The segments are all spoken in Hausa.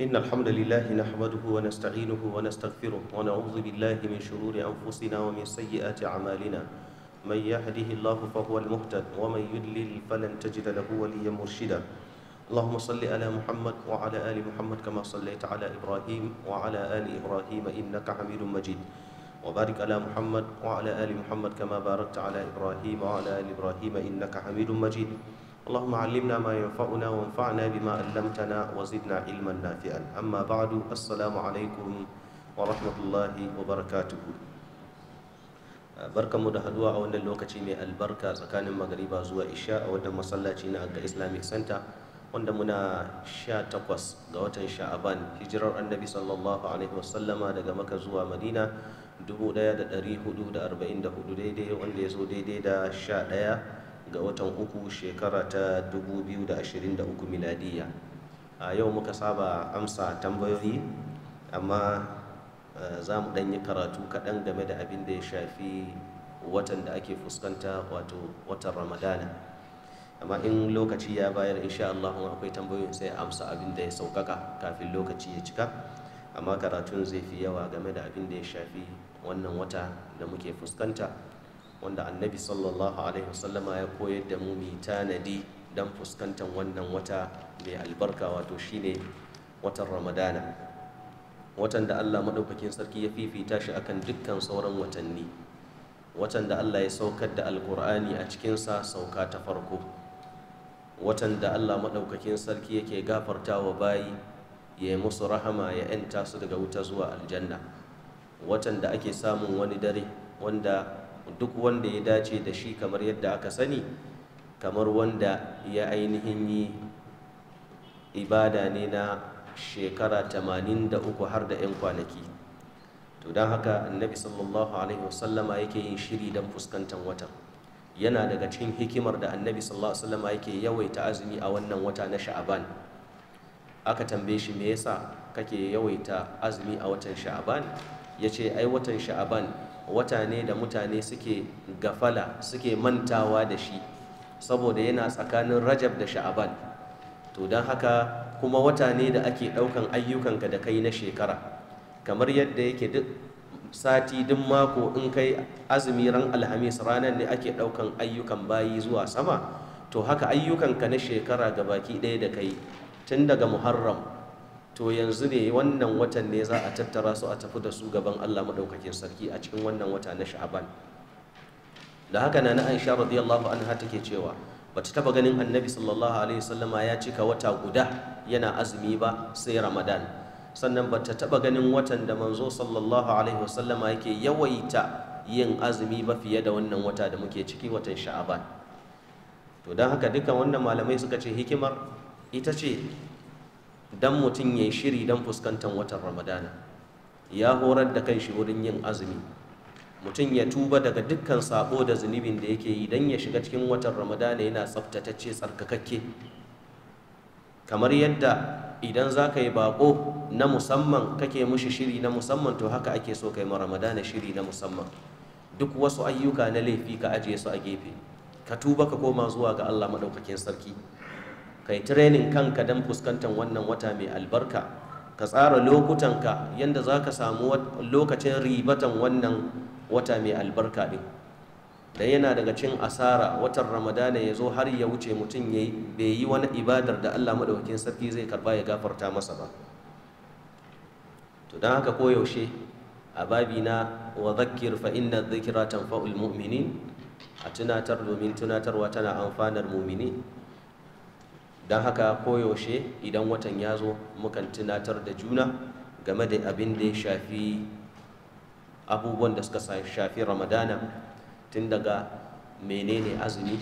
إن الحمد لله نحمده ونستعينه ونستغفره ونعوذ بالله من شرور أنفسنا ومن سيئات أعمالنا من يهده الله فهو المهتد ومن يدلل فلن تجد له وليا مرشدا اللهم صل على محمد وعلى آل محمد كما صليت على إبراهيم وعلى آل إبراهيم إنك حميد مجيد وبارك على محمد وعلى آل محمد كما باركت على إبراهيم وعلى آل إبراهيم إنك حميد مجيد اللهم علمنا ما ينفعنا وانفعنا بما علمتنا وزدنا علما نافعا أما بعد السلام عليكم ورحمة الله وبركاته barkanmu da haduwa a wannan lokaci mai albarka tsakanin magariba zuwa isha a wannan masallaci na ga islamic center wanda muna sha takwas ga watan sha'aban hijirar annabi sallallahu alaihi wasallama daga maka zuwa madina 1444 daidai wanda ya zo daidai da sha ɗaya. ga watan uku shekara ta 2023 miladiya a yau muka saba amsa tambayoyi amma eh, za mu yi karatu kaɗan game da abin da ya shafi watan da ake fuskanta wato watan ramadana amma in lokaci ya bayar insha Allah akwai tambayoyin sai amsa abin da ya saukaka kafin lokaci ya cika amma karatun zai fi yawa game da abin da ya shafi wannan wata da muke fuskanta wanda annabi sallallahu alaihi wasallama ya koyar da mu mai tanadi don fuskantar wannan wata mai albarka wato shine watan ramadana watan da allah maɗaukakin sarki ya fifita shi akan dukkan sauran watanni watan da allah ya saukar da alkur'ani a cikinsa sauka ta farko watan da allah maɗaukakin sarki yake gafarta wa bayi ya yi musu rahama ya 'yanta su daga wuta zuwa aljanna watan da ake samun wani dare wanda duk wanda ya dace da shi kamar yadda aka sani kamar wanda ya ainihin yi ibada ne na shekara 83 har da 'yan kwanaki to don haka annabi sallallahu alaihi wasallama yake yin shiri don fuskantar watan yana daga cikin hikimar da annabi sallallahu alaihi wasallama yake yawaita azumi a wannan wata na sha'aban aka tambaye shi me yasa kake yawaita azumi a watan sha'aban ya ce ai watan sha'aban wata ne da mutane suke gafala suke mantawa da shi saboda yana tsakanin rajab da sha'aban to don haka kuma wata ne da ake ɗaukan ayyukanka da kai na shekara kamar yadda yake duk sati duk mako in kai azumi ran alhamis ranar ne ake ɗaukan ayyukan bayi zuwa sama to haka ayyukanka na shekara ga baki ɗaya da kai tun daga muharram to yanzu ne wannan watan ne za a tattara su a tafi da su gaban Allah madaukakin sarki a cikin wannan wata na Sha'ban da haka na na Aisha radiyallahu anha take cewa bata taba ganin Annabi sallallahu alaihi wasallama ya cika wata guda yana azumi ba sai Ramadan sannan bata taba ganin watan da manzo sallallahu alaihi wasallama yake yawaita yin azumi ba fiye da wannan wata da muke ciki watan Sha'ban to don haka dukkan wannan malamai suka ce hikimar ita ce dan mutum ya shiri don fuskantar watan ramadana ya horar da kan shi wurin yin azumi mutum ya tuba daga dukkan sabo da zunubin da yake yi don ya shiga cikin watan ramadana yana tsaftatacce tsarkakakke kamar yadda idan za ka yi bako na musamman kake mushi shiri na musamman to haka ake so kai ma ramadana shiri na musamman duk wasu ayyuka na laifi ka ajiye su a gefe ka tuba ka koma zuwa ga allah maɗaukakin sarki kai training kanka don fuskantar wannan wata mai albarka ka tsara lokutanka yadda za ka samu lokacin ribatan wannan wata mai albarka ɗin da yana daga cin asara watan ramadana ya zo har ya wuce mutum ya bai yi wani ibadar da allah maɗaukin sarki zai karba ya gafarta masa ba to don haka koyaushe a babina wa zakir fa inna zikira tanfa'ul mu'minin a tunatar domin tunatarwa tana amfanar mumini don haka koyaushe idan watan ya zo mukan tunatar da juna game da abin da ya shafi abubuwan da suka shafi ramadana tun daga menene azumi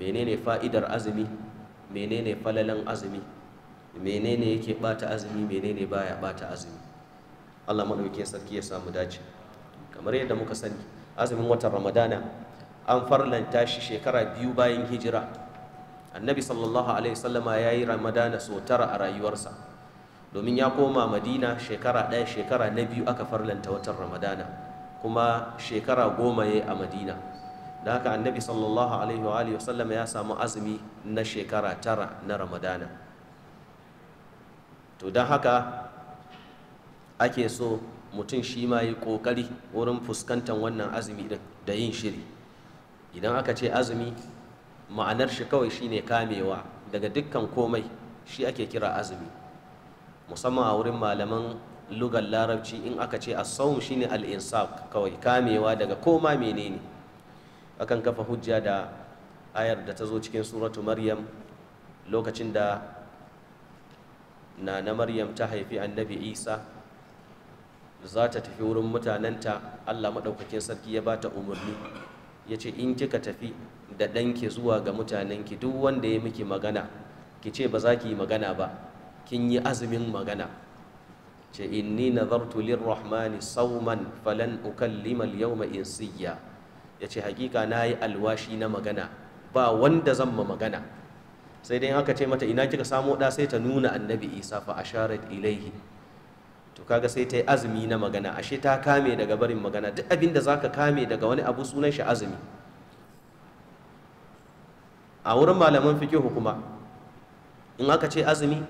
menene fa'idar azumi menene falalan azumi menene yake bata azumi menene baya bata azumi Allah maɗauki sarki ya samu dace kamar yadda muka sani azumin watan ramadana an farlanta shi shekara biyu bayan hijira annabi sallallahu alaihi wasallama ya yi ramadana sau tara a rayuwarsa domin ya koma madina shekara ɗaya shekara na biyu aka farlanta watan ramadana kuma shekara goma ya a madina da haka annabi sallallahu alaihi wa wasallama ya samu azumi na shekara tara na ramadana to don haka ake so mutum shi ma yi ƙoƙari wurin fuskantar wannan azumi da yin shiri idan aka ce azumi ma'anar shi kawai shine kamewa daga dukkan komai shi ake kira azumi musamman a wurin malaman lugar larabci in aka ce a sawm shine ne kawai kamewa daga koma menene akan kafa hujja da ayar da ta zo cikin suratu maryam lokacin da na maryam ta haifi annabi isa za ta tafi wurin mutanenta allah maɗaukakin sarki ya ba ta umarni ya ce in kika tafi da ɗanki zuwa ga mutanenki duk wanda ya miki magana ki ce ba za ki yi magana ba kin yi azumin magana ce inni nazartu lirrahmani sauman falan ukallimal al-yawma insiya yace hakika yi alwashi na magana ba wanda zan ma magana sai dai aka ce mata ina kika samo ɗa sai ta nuna annabi isa fa asharat ilaihi to kaga sai ta yi azumi na magana ashe ta kame daga barin magana duk abinda da ka kame daga wani abu sunan shi azumi a wurin malaman fiƙe hukuma, in aka ce azumi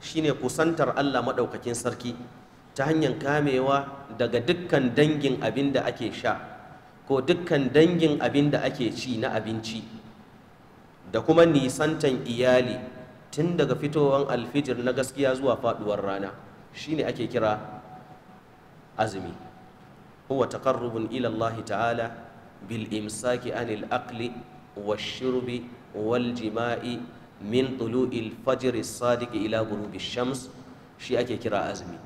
shine kusantar Allah maɗaukakin sarki ta hanyar kamewa daga dukkan dangin abin da ake sha ko dukkan dangin abin da ake ci na abinci da kuma nisantan iyali tun daga fitowar alfijir na gaskiya zuwa faɗuwar rana shine ake kira azumi huwa taqarrubun ila Allah ta'ala bil imsaki anil aqli wash shurbi wal jima'i min Tulu il as-sadiq ila Gurubi shams shi ake kira azumi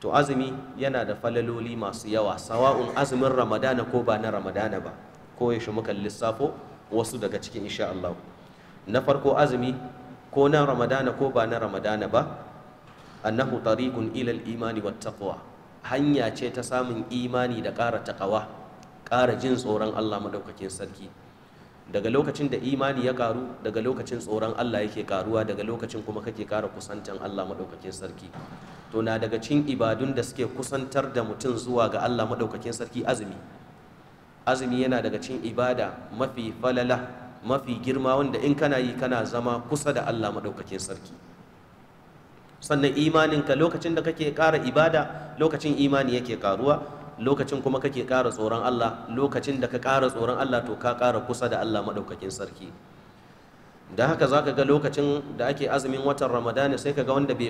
to azumi yana da falaloli masu yawa sawa'un azumin ramadana ko ba na ramadana ba ko yaushe muka lissafo wasu daga cikin insha Allah na farko azumi ko na ramadana ko ba na ramadana ba annahu tariqun ila al-imani wat taqwa hanya ce ta samun imani da ƙara taƙawa, ƙara jin tsoron Allah madaukakin sarki daga lokacin da imani ya karu daga lokacin tsoron Allah yake karuwa daga lokacin kuma kake kara kusantan Allah madaukakin sarki to na daga cikin ibadun da suke kusantar da mutum zuwa ga Allah madaukakin sarki azumi azumi yana daga cikin ibada mafi falala mafi girma wanda in kana yi kana zama kusa da Allah madaukakin sarki sannan imaninka lokacin da kake kara ibada lokacin imani yake karuwa lokacin kuma kake ƙara tsoron Allah lokacin da ka ƙara tsoron Allah to ka ƙara kusa da Allah maɗaukakin sarki da haka za ka ga lokacin da ake azumin watan ramadana sai ka ga wanda bai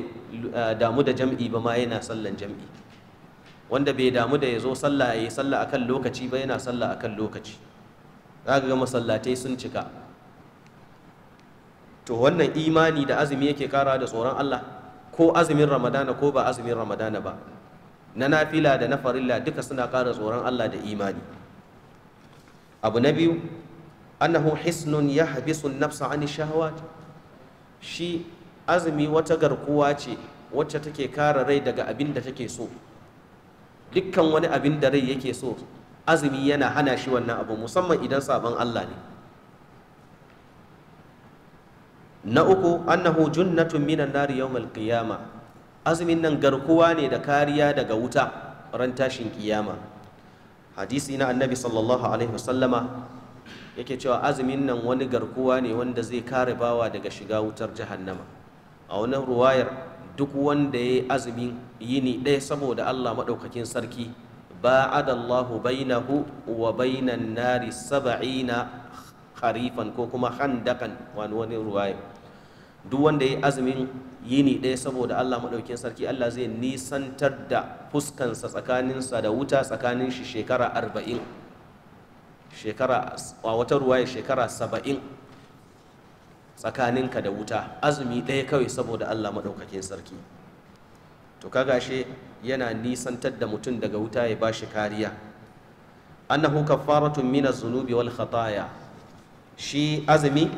eh, damu da jam'i ba ma yana sallan jam'i wanda bai damu da ya zo sallah ya yi sallah akan lokaci ba yana sallah akan lokaci za ka ga masallatai sun cika to wannan imani da azumi yake ƙara da tsoron Allah ko azumin ramadana ko ba azumin ramadana ba na nafila da na farilla duka suna ƙara tsoron Allah da imani abu na biyu annahu hisnun ya habisun nafsa an shahawat shi azumi wata garkuwa ce wacce take kare rai daga abin da take so dukkan wani abin da rai yake so azumi yana hana shi wannan abu musamman idan sabon Allah ne na uku annahu junnatun minan nari yawmal qiyamah azumin nan garkuwa ne da kariya daga wuta ran tashin kiyama hadisi na annabi sallallahu alaihi wasallama yake cewa azumin nan wani garkuwa ne wanda zai kare bawa daga shiga wutar jahannama a wani ruwayar duk wanda ya yi azumin yini ɗaya saboda Allah maɗaukakin sarki ba'ada Allahu bainahu wa bainan nari saba'ina kharifan ko kuma handakan wani ruwayar duk wanda ya yi azumin yini ɗaya saboda Allah maɗaukin sarki Allah zai nisantar da fuskansa tsakaninsa da wuta tsakanin shi shekara arba'in shekara a wata ya shekara saba'in tsakaninka da wuta azumi ɗaya kawai saboda Allah maɗaukakin sarki to ka gashe yana nisantar da mutum daga wuta ya ba shi kariya annahu kaffaratun mina zunubi wal khataya shi azumi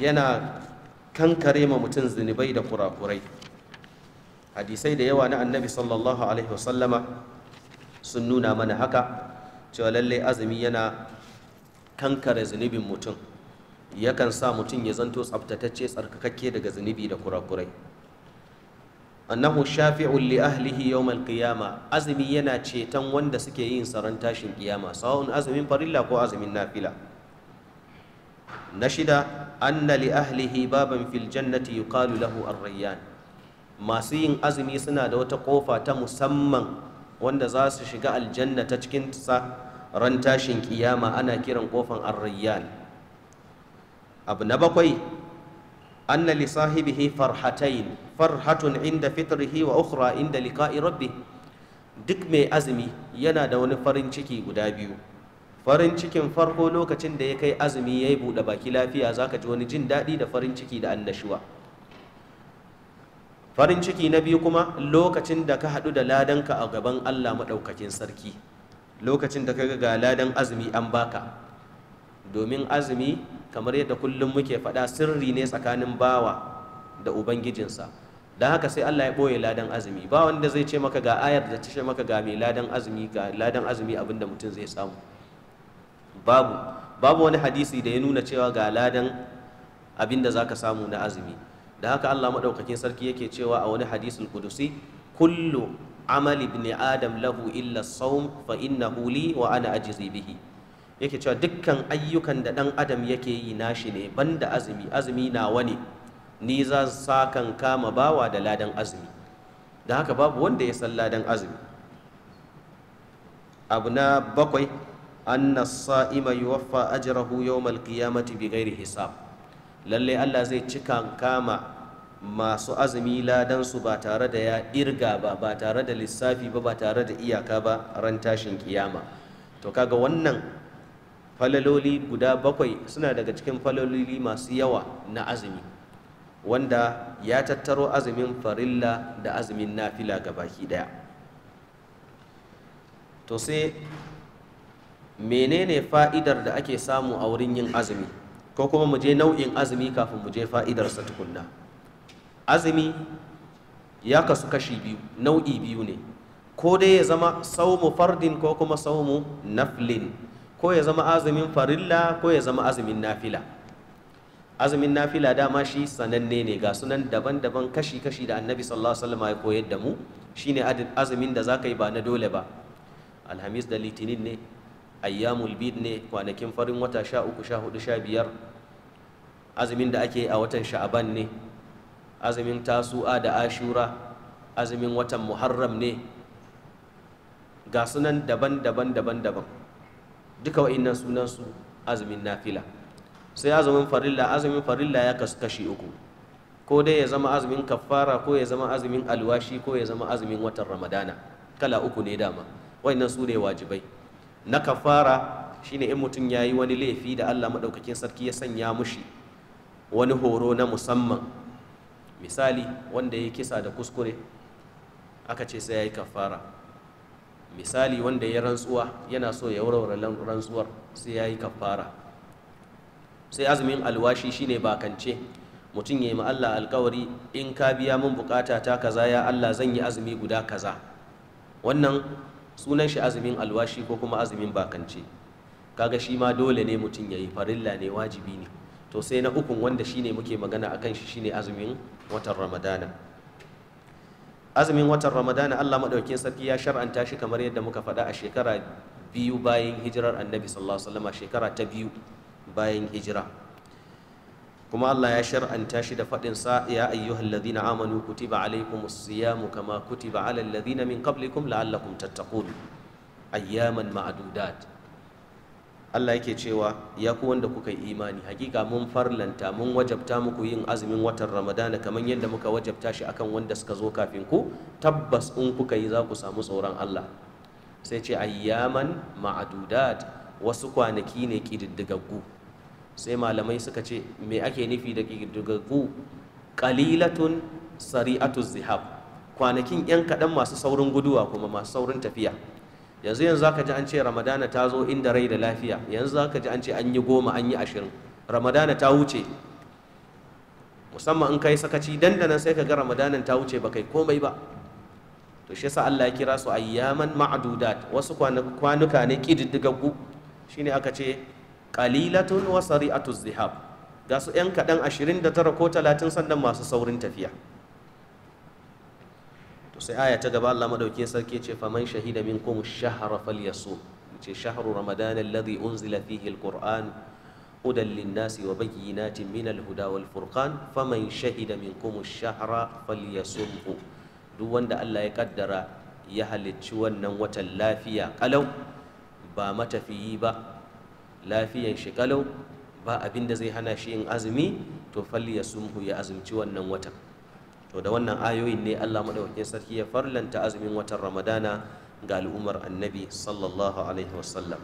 yana kankare ma mutum zunubai da kurakurai hadisai da yawa na annabi sallallahu alaihi wasallama sun nuna mana haka cewa lallai azumi yana kankare zunubin mutum yakan sa mutum ya zanto tsabtatacce tsarkakakke daga zunubi da kurakurai annahu shafi'un li ahlihi yawmal qiyama azumi yana ceton wanda suke yin saran tashin kiyama sawun azumin farilla ko azumin nafila na shida anna li ahlihi baban fil jannati yuqalu lahu ar-rayyan masu yin azumi suna da wata kofa ta musamman wanda za su shiga aljanna ta cikin sa ran tashin kiyama ana kiran kofan ar-rayyan abu na bakwai anna li sahibihi farhatayn farhatun inda fitrihi wa ukhra inda liqa'i rabbih duk mai azumi yana da wani farin ciki guda biyu farin cikin farko lokacin da ya kai azumi ya yi buɗe baki lafiya za ka ji wani jin daɗi da farin ciki da annashuwa farin ciki na biyu kuma lokacin da ka haɗu da ladanka a gaban allah maɗaukakin sarki lokacin da ka ga ladan azumi an baka domin azumi kamar yadda kullum muke faɗa sirri ne tsakanin bawa da ubangijinsa don haka sai allah ya ɓoye ladan azumi ba wanda zai ce maka ga ayar da ta ce maka ga mai ladan azumi ga ladan azumi abinda mutum zai samu babu babu wani hadisi da ya nuna cewa ga ladan abin da ka samu na azumi da haka Allah madaukakin sarki yake cewa a wani hadisul kudusi kullu amal ibn adam lahu illa sawm fa innahu li wa ana ajizi bihi yake cewa dukkan ayyukan da dan adam yake yi nashi ne banda azumi azumi na wani ni za sa kan kama bawa da ladan azumi da haka babu wanda ya san ladan azumi abu na bakwai anna sa'ima yuwaffa ajrahu yawmal qiyamati bighairi hisab lalle Allah zai cika kama masu azumi ladan su ba tare da ya irga ba ba tare da lissafi ba ba tare da iyaka ba ran tashin kiyama to kaga wannan falaloli guda bakwai suna daga cikin falaloli masu yawa na azumi wanda ya tattaro azumin farilla da azumin nafila ga baki daya to sai menene fa'idar da ake samu a wurin yin azumi ko kuma mu je nau'in azumi kafin mu je fa'idarsa tukunna azumi ya kasu kashi biyu nau'i biyu ne ko dai ya zama saumu fardin ko kuma saumu naflin ko ya zama azumin farilla ko ya zama azumin nafila azumin nafila dama shi sananne ne ga sunan daban-daban kashi-kashi da annabi sallallahu alaihi wasallam ya koyar da mu shine azumin da zaka yi ba na dole ba alhamis da litinin ne ayyamul bid ne kwanakin farin wata sha uku sha hudu sha biyar azumin da ake a watan sha'aban ne azumin tasu'a da ashura azumin watan muharram ne ga sunan daban-daban daban-daban duka wa'innan sunan su azumin nafila sai azumin farilla azumin farilla ya kasu kashi uku ko dai ya zama azumin kaffara ko ya zama azumin alwashi ko ya zama azumin watan ramadana kala uku ne dama wa'innan su ne wajibai na kafara shine in mutum ya yi wani laifi da Allah maɗaukakin sarki ya sanya mushi wani horo na musamman misali wanda ya kisa da kuskure aka ce sai ya yi kafara misali wanda ya rantsuwa yana so ya warware rantsuwar sai ya yi kafara sai azumin alwashi shine bakance mutum ya yi Allah alkawari in ka biya min bukata ta kaza ya Allah zan yi azumi guda kaza wannan sunan shi azumin alwashi ko kuma azumin bakance kaga shi ma dole ne mutum ya yi farilla ne wajibi ne to sai na ukun wanda shi ne muke magana akan shi shine azumin watan ramadana azumin watan ramadana allah maɗaukin sarki ya shar'anta shi kamar yadda muka faɗa a shekara biyu bayan hijirar annabi sallallahu alaihi wasallam shekara ta biyu bayan hijira kuma Allah ya shar'anta shi da faɗin sa ya ayyuhal ladina amanu kutiba alaikumus siyamu kama kutiba alal ladina min qablikum la'allakum tattaqun ayyaman ma'dudat Allah yake cewa ya ku wanda kuka yi imani hakika mun farlanta mun wajabta muku yin azumin watan Ramadana kamar yadda muka wajabta shi akan wanda suka zo kafin ku tabbas in kuka yi za ku samu tsoron Allah sai ce ayyaman ma'dudat wasu kwanaki ne kididdigaggu sai malamai suka ce me ake nufi da ƙididdigaggu ƙalilatun sari'atu zihab kwanakin 'yan kaɗan masu saurin guduwa kuma masu saurin tafiya yanzu yanzu zaka ji an ce ramadana ta zo inda rai da lafiya yanzu zaka ji an ce an yi goma an yi ashirin ramadana ta wuce musamman in kai sakaci dandanan sai ka ga ramadanan ta wuce ba kai komai ba to shi yasa Allah ya kira su ayyaman ma'dudat wasu kwanuka ne kididdigaggu shine aka ce qalilatun wa sari'atu zihab ga su yan kadan 29 ko 30 sannan masu saurin tafiya to sai aya ta gaba Allah madauki sarki ce faman shahida minkum shahra falyasum ce shahru ramadan alladhi unzila fihi al-qur'an هدى للناس وبينات من الهدى والفرقان فمن شهد منكم الشهر فليصمه duk wanda Allah ya kaddara ya halicci wannan watan lafiya kalau ba matafiyi ba lafiyan shi kalau ba abin da zai hana shi yin azumi to falli ya sumhu ya azumci wannan watan to da wannan ayoyin ne Allah madaukakin sarki ya farlanta azumin watan Ramadana ga al'ummar Annabi sallallahu alaihi wasallam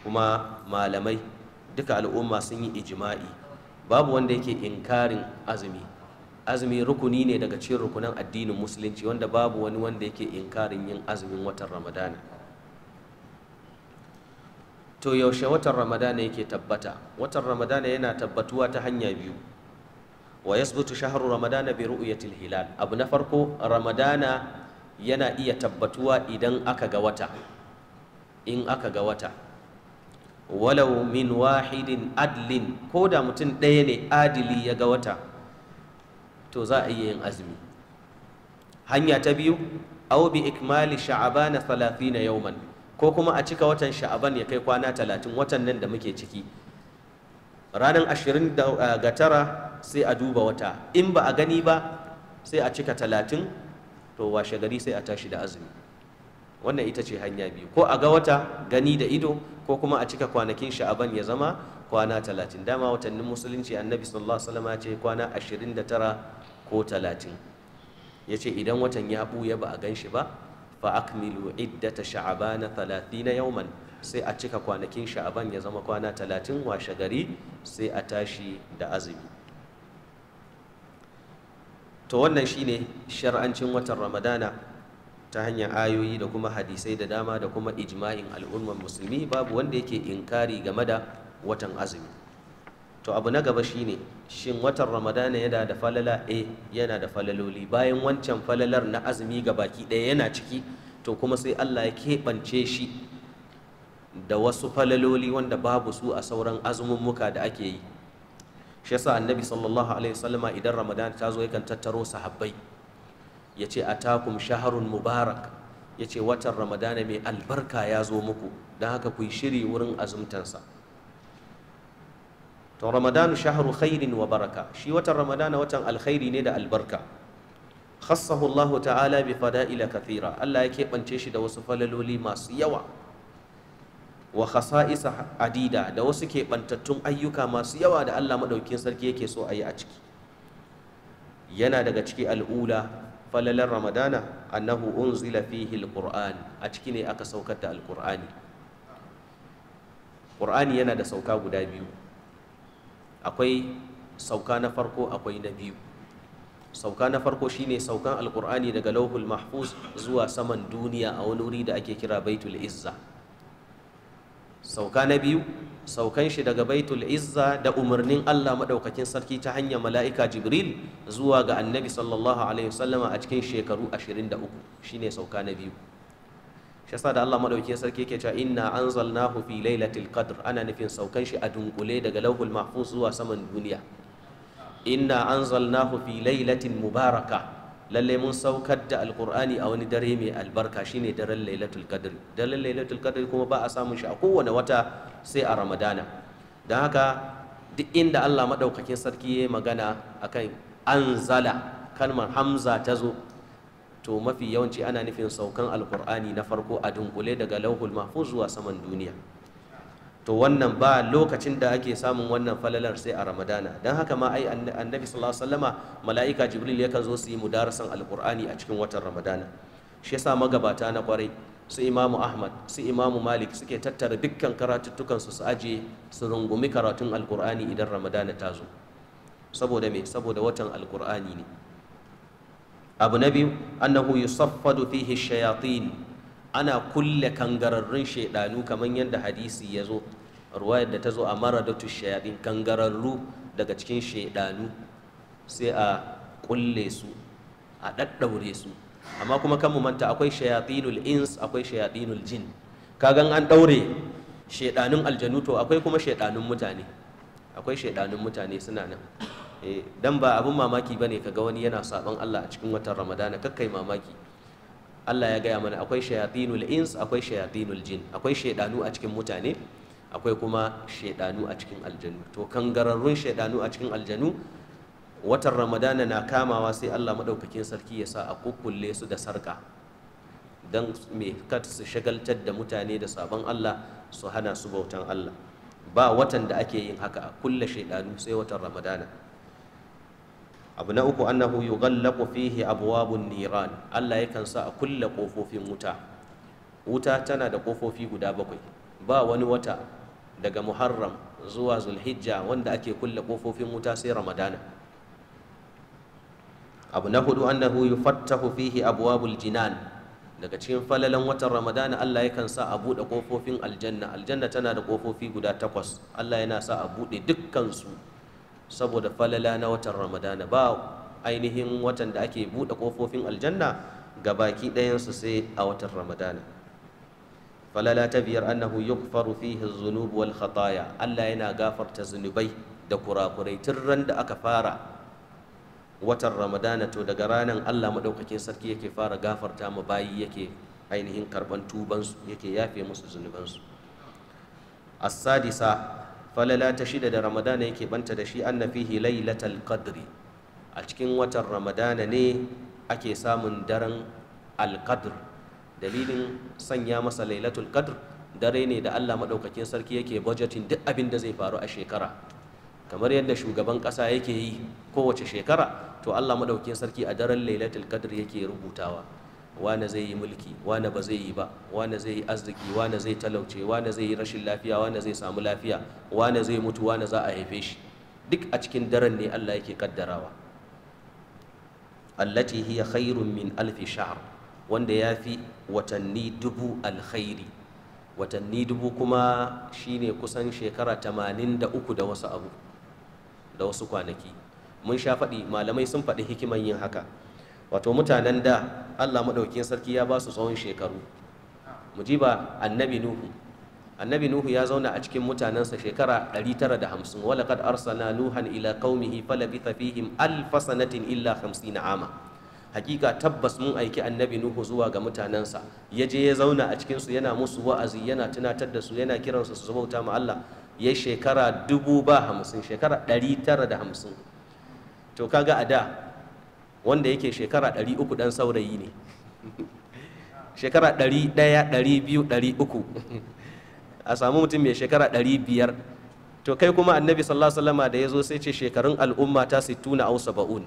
kuma malamai duka al'umma sun yi ijma'i babu wanda yake inkarin azumi azumi rukuni ne daga cikin rukunan addinin musulunci wanda babu wani wanda yake inkarin yin azumin watan Ramadana to yaushe watan ramadana yake tabbata watan ramadana yana tabbatuwa ta hanya biyu wa yasbutu shahru ramadana bi ru'yatil hilal abu na farko ramadana yana iya tabbatuwa idan aka ga wata in aka ga wata walau min wahidin adlin ko da mutum ɗaya ne adili ya ga wata to za a iya yin azumi hanya ta biyu au bi ikmali sha'abana 30 yawman ko kuma a cika watan sha'aban ya kai kwana talatin watan nan da muke ciki ranar ashirin eh, ga tara sai a duba wata in ba a gani ba sai a cika talatin to washe gari sai a tashi da azumi wannan ita ce hanya biyu ko a ga wata gani da ido ko kuma a cika kwanakin sha'aban ya zama kwana talatin dama watannin musulunci annabi sallallahu alaihi wasallam ce kwana ashirin da tara ko talatin Yace idan watan ya buya ba a gan shi ba fa akmilu iddata sha'abana 30 yawman sai a cika kwanakin sha'aban ya zama kwana talatin washe gari sai a tashi da azumi to wannan shine shar'ancin watan ramadana ta hanyar ayoyi da kuma hadisai da dama da kuma ijma'in al'ummar musulmi babu wanda yake inkari game da watan azumi to abu na gaba shine shin watan ramadana yana da falala eh yana da falaloli bayan wancan falalar na azumi ga baki ɗaya yana ciki to kuma sai Allah ya keɓance shi da wasu falaloli wanda babu su a sauran azumin muka da ake yi shi yasa annabi sallallahu alaihi wasallama idan ramadan ta zo yakan tattaro sahabbai ya ce atakum shaharun mubarak ya ce watan ramadana mai albarka ya zo muku don haka ku yi shiri wurin azumtansa to ramadanu shahru khairin wa baraka shi watan ramadana watan alkhairi ne da albarka khassahu Allah ta'ala bi fada'ila kathira Allah ya keɓance shi da wasu falaloli masu yawa wa khasa'isa adida da wasu keɓantattun ayyuka masu yawa da Allah maɗaukin sarki yake so a yi a ciki yana daga ciki al'ula falalar ramadana annahu unzila fihi alquran a ciki ne aka saukar da alqur'ani qur'ani yana da sauka guda biyu akwai sauka na farko akwai na biyu sauka na farko shine saukan alkur'ani daga lauhul mahfuz zuwa saman duniya a wani wuri da ake kira baitul izza sauka na biyu saukan shi daga baitul izza da umarnin allah maɗaukakin sarki ta hanyar mala'ika jibril zuwa ga annabi sallallahu alaihi wasallama a cikin shekaru 23 shine sauka na biyu shi yasa da Allah madauki sarki yake cewa inna anzalnahu fi lailatul qadr ana nufin saukan shi a dunkule daga lauhul mahfuz zuwa saman duniya inna anzalnahu fi lailatin mubaraka lalle mun saukar da alqur'ani a wani dare mai albarka shine daren lailatul qadr daren lailatul qadr kuma ba a samun shi a kowane wata sai a ramadana don haka duk inda Allah madaukakin sarki ya magana akan anzala kalmar hamza ta zo to mafi yawanci ana nufin saukan alkur'ani na farko a dunkule daga lauhul mahfuz zuwa saman duniya to wannan ba lokacin da ake samun wannan falalar sai a ramadana don haka ma ai annabi sallallahu alaihi wasallama mala'ika jibril yakan zo su yi mudarasan alkur'ani a cikin watan ramadana shi yasa magabata na kwarai su imamu ahmad su imamu malik suke tattara dukkan karatuttukan su su aje su rungumi karatun alkur'ani idan ramadana ta zo saboda me saboda watan alkur'ani ne abu na biyu annahu yusaffadu fihi shayatin ana kulle kangararrun shaidanu kamar yadda hadisi ya zo ruwayar da ta zo a maradatu shayatin kangararru daga cikin shaidanu sai a kulle su a daddaure su amma kuma kan mu manta akwai shayatinul ins akwai shayatinul jin kagan an daure shaidanun aljanu to akwai kuma shaidanun mutane akwai shaidanun mutane suna nan Eh, dan ba abin mamaki bane kaga wani yana saban Allah a cikin watan Ramadana kakkai mamaki Allah ya gaya mana akwai shayatinul ins akwai shayatinul jin akwai shaidanu a cikin mutane akwai kuma shaidanu a cikin aljanu to kangararrun shaidanu a cikin aljanu watan ramadana na kamawa sai Allah madaukakin sarki ya sa a kukkulle su da sarka dan me kat su shagaltar da mutane da sabon Allah su hana su bautan Allah ba watan da ake yin haka a kulle shaidanu sai watan ramadana abu na uku annahu yughallaqu fihi abwabun niran Allah yakan sa a kulle kofofin wuta wuta tana da kofofi guda bakwai ba wani wata daga Muharram zuwa Zulhijja wanda ake kulle kofofin wuta sai Ramadana abu na hudu annahu yufattahu fihi abwabul jinan daga cikin falalan watan Ramadana Allah yakan sa a buɗe kofofin aljanna aljanna tana da kofofi guda takwas Allah yana sa a buɗe dukkan su saboda falala na watan ramadana ba ainihin watan da ake buɗe ƙofofin aljanna ga baki ɗayansu sai a watan ramadana falala ta biyar annahu yukfaru fihi zunub wal khataya Allah yana gafarta zunubai da kurakurai tun ran da aka fara watan ramadana to daga ranar allah madaukakin sarki yake fara gafarta ma bayi yake ainihin tuban tubansu yake yafe musu zunubansu asadisa falala ta shida da ramadana yake banta da shi anna fihi lailatul qadri a cikin watan ramadana ne ake samun daren alqadr dalilin sanya masa lailatul qadr dare ne da Allah madaukakin sarki yake budgetin duk abin da zai faru a shekara kamar yadda shugaban ƙasa yake yi kowace shekara to Allah madaukakin sarki a daren lailatul qadr yake rubutawa wane zai yi mulki wane ba zai yi ba wane zai yi arziki wane zai talauce wane zai yi rashin lafiya wane zai samu lafiya wane zai mutu wane za a haife shi duk a cikin daren ne Allah yake kaddarawa allati hiya khairun min alfi shahr wanda ya fi watanni dubu alkhairi watanni dubu kuma shine kusan shekara 83 da wasu abu da wasu kwanaki mun sha faɗi malamai sun faɗi hikimar yin haka wato mutanen da Allah maɗaukin sarki ya ba su tsawon shekaru mu ji ba annabi nuhu annabi nuhu ya zauna a cikin mutanensa shekara 950 wala kad arsana nuhan ila qaumihi falabitha fihim alf sanatin illa 50 ama hakika tabbas mun aiki annabi nuhu zuwa ga mutanensa ya je ya zauna a cikin su yana musu wa'azi yana tunatar da su yana kiran su su zubauta ma Allah ya shekara dubu ba hamsin shekara ɗari tara da hamsin to kaga a da wanda yake shekara ɗari uku ɗan saurayi ne shekara ɗari ɗaya ɗari biyu ɗari uku a samu mutum mai shekara ɗari biyar to kai kuma annabi sallallahu alaihi da ya zo sai ce shekarun al'umma ta sittuna au saba'un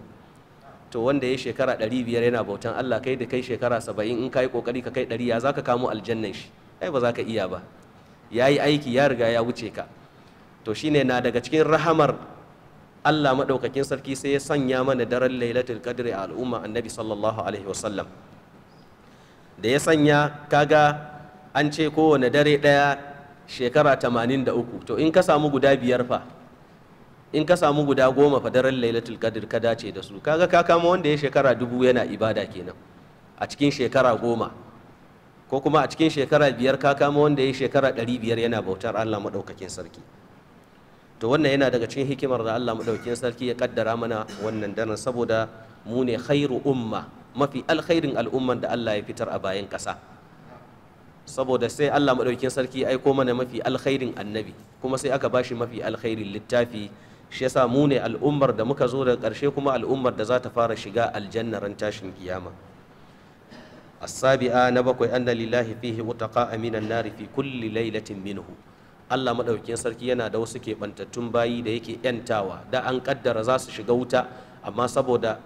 to wanda ya shekara ɗari biyar yana bautan Allah kai da kai shekara saba'in in ka yi ƙoƙari ka kai ɗari ya za ka kamo aljannan shi ai ba za ka iya ba ya yi aiki ya riga ya wuce ka to shine na daga cikin rahamar Allah maɗaukakin sarki sai ya sanya mana daren lailatul qadri a al'umma annabi sallallahu alaihi wasallam da ya sanya kaga an ce kowane dare ɗaya shekara tamanin da uku to in ka samu guda biyar fa in ka samu guda goma fa daren lailatul qadr ka dace da su kaga ka kama wanda ya shekara dubu yana ibada kenan a cikin shekara goma ko kuma a cikin shekara biyar ka kama wanda ya shekara ɗari biyar yana bautar allah maɗaukakin sarki to wannan yana daga cikin hikimar da Allah maɗaukin sarki ya kaddara mana wannan daren saboda mu ne khairu umma mafi alkhairin al'umman da Allah ya fitar a bayan ƙasa saboda sai Allah maɗaukin sarki ya aiko mana mafi alkhairin annabi kuma sai aka bashi mafi alkhairin littafi shi yasa mu ne al'ummar da muka zo daga ƙarshe kuma al'ummar da za ta fara shiga aljanna ran tashin kiyama السابعة نبقى أن لله فيه وتقاء من النار في كل ليلة منه Allah maɗaukin sarki yana da wasu keɓantattun bayi da yake ‘yantawa da an ƙaddara za su shiga wuta amma saboda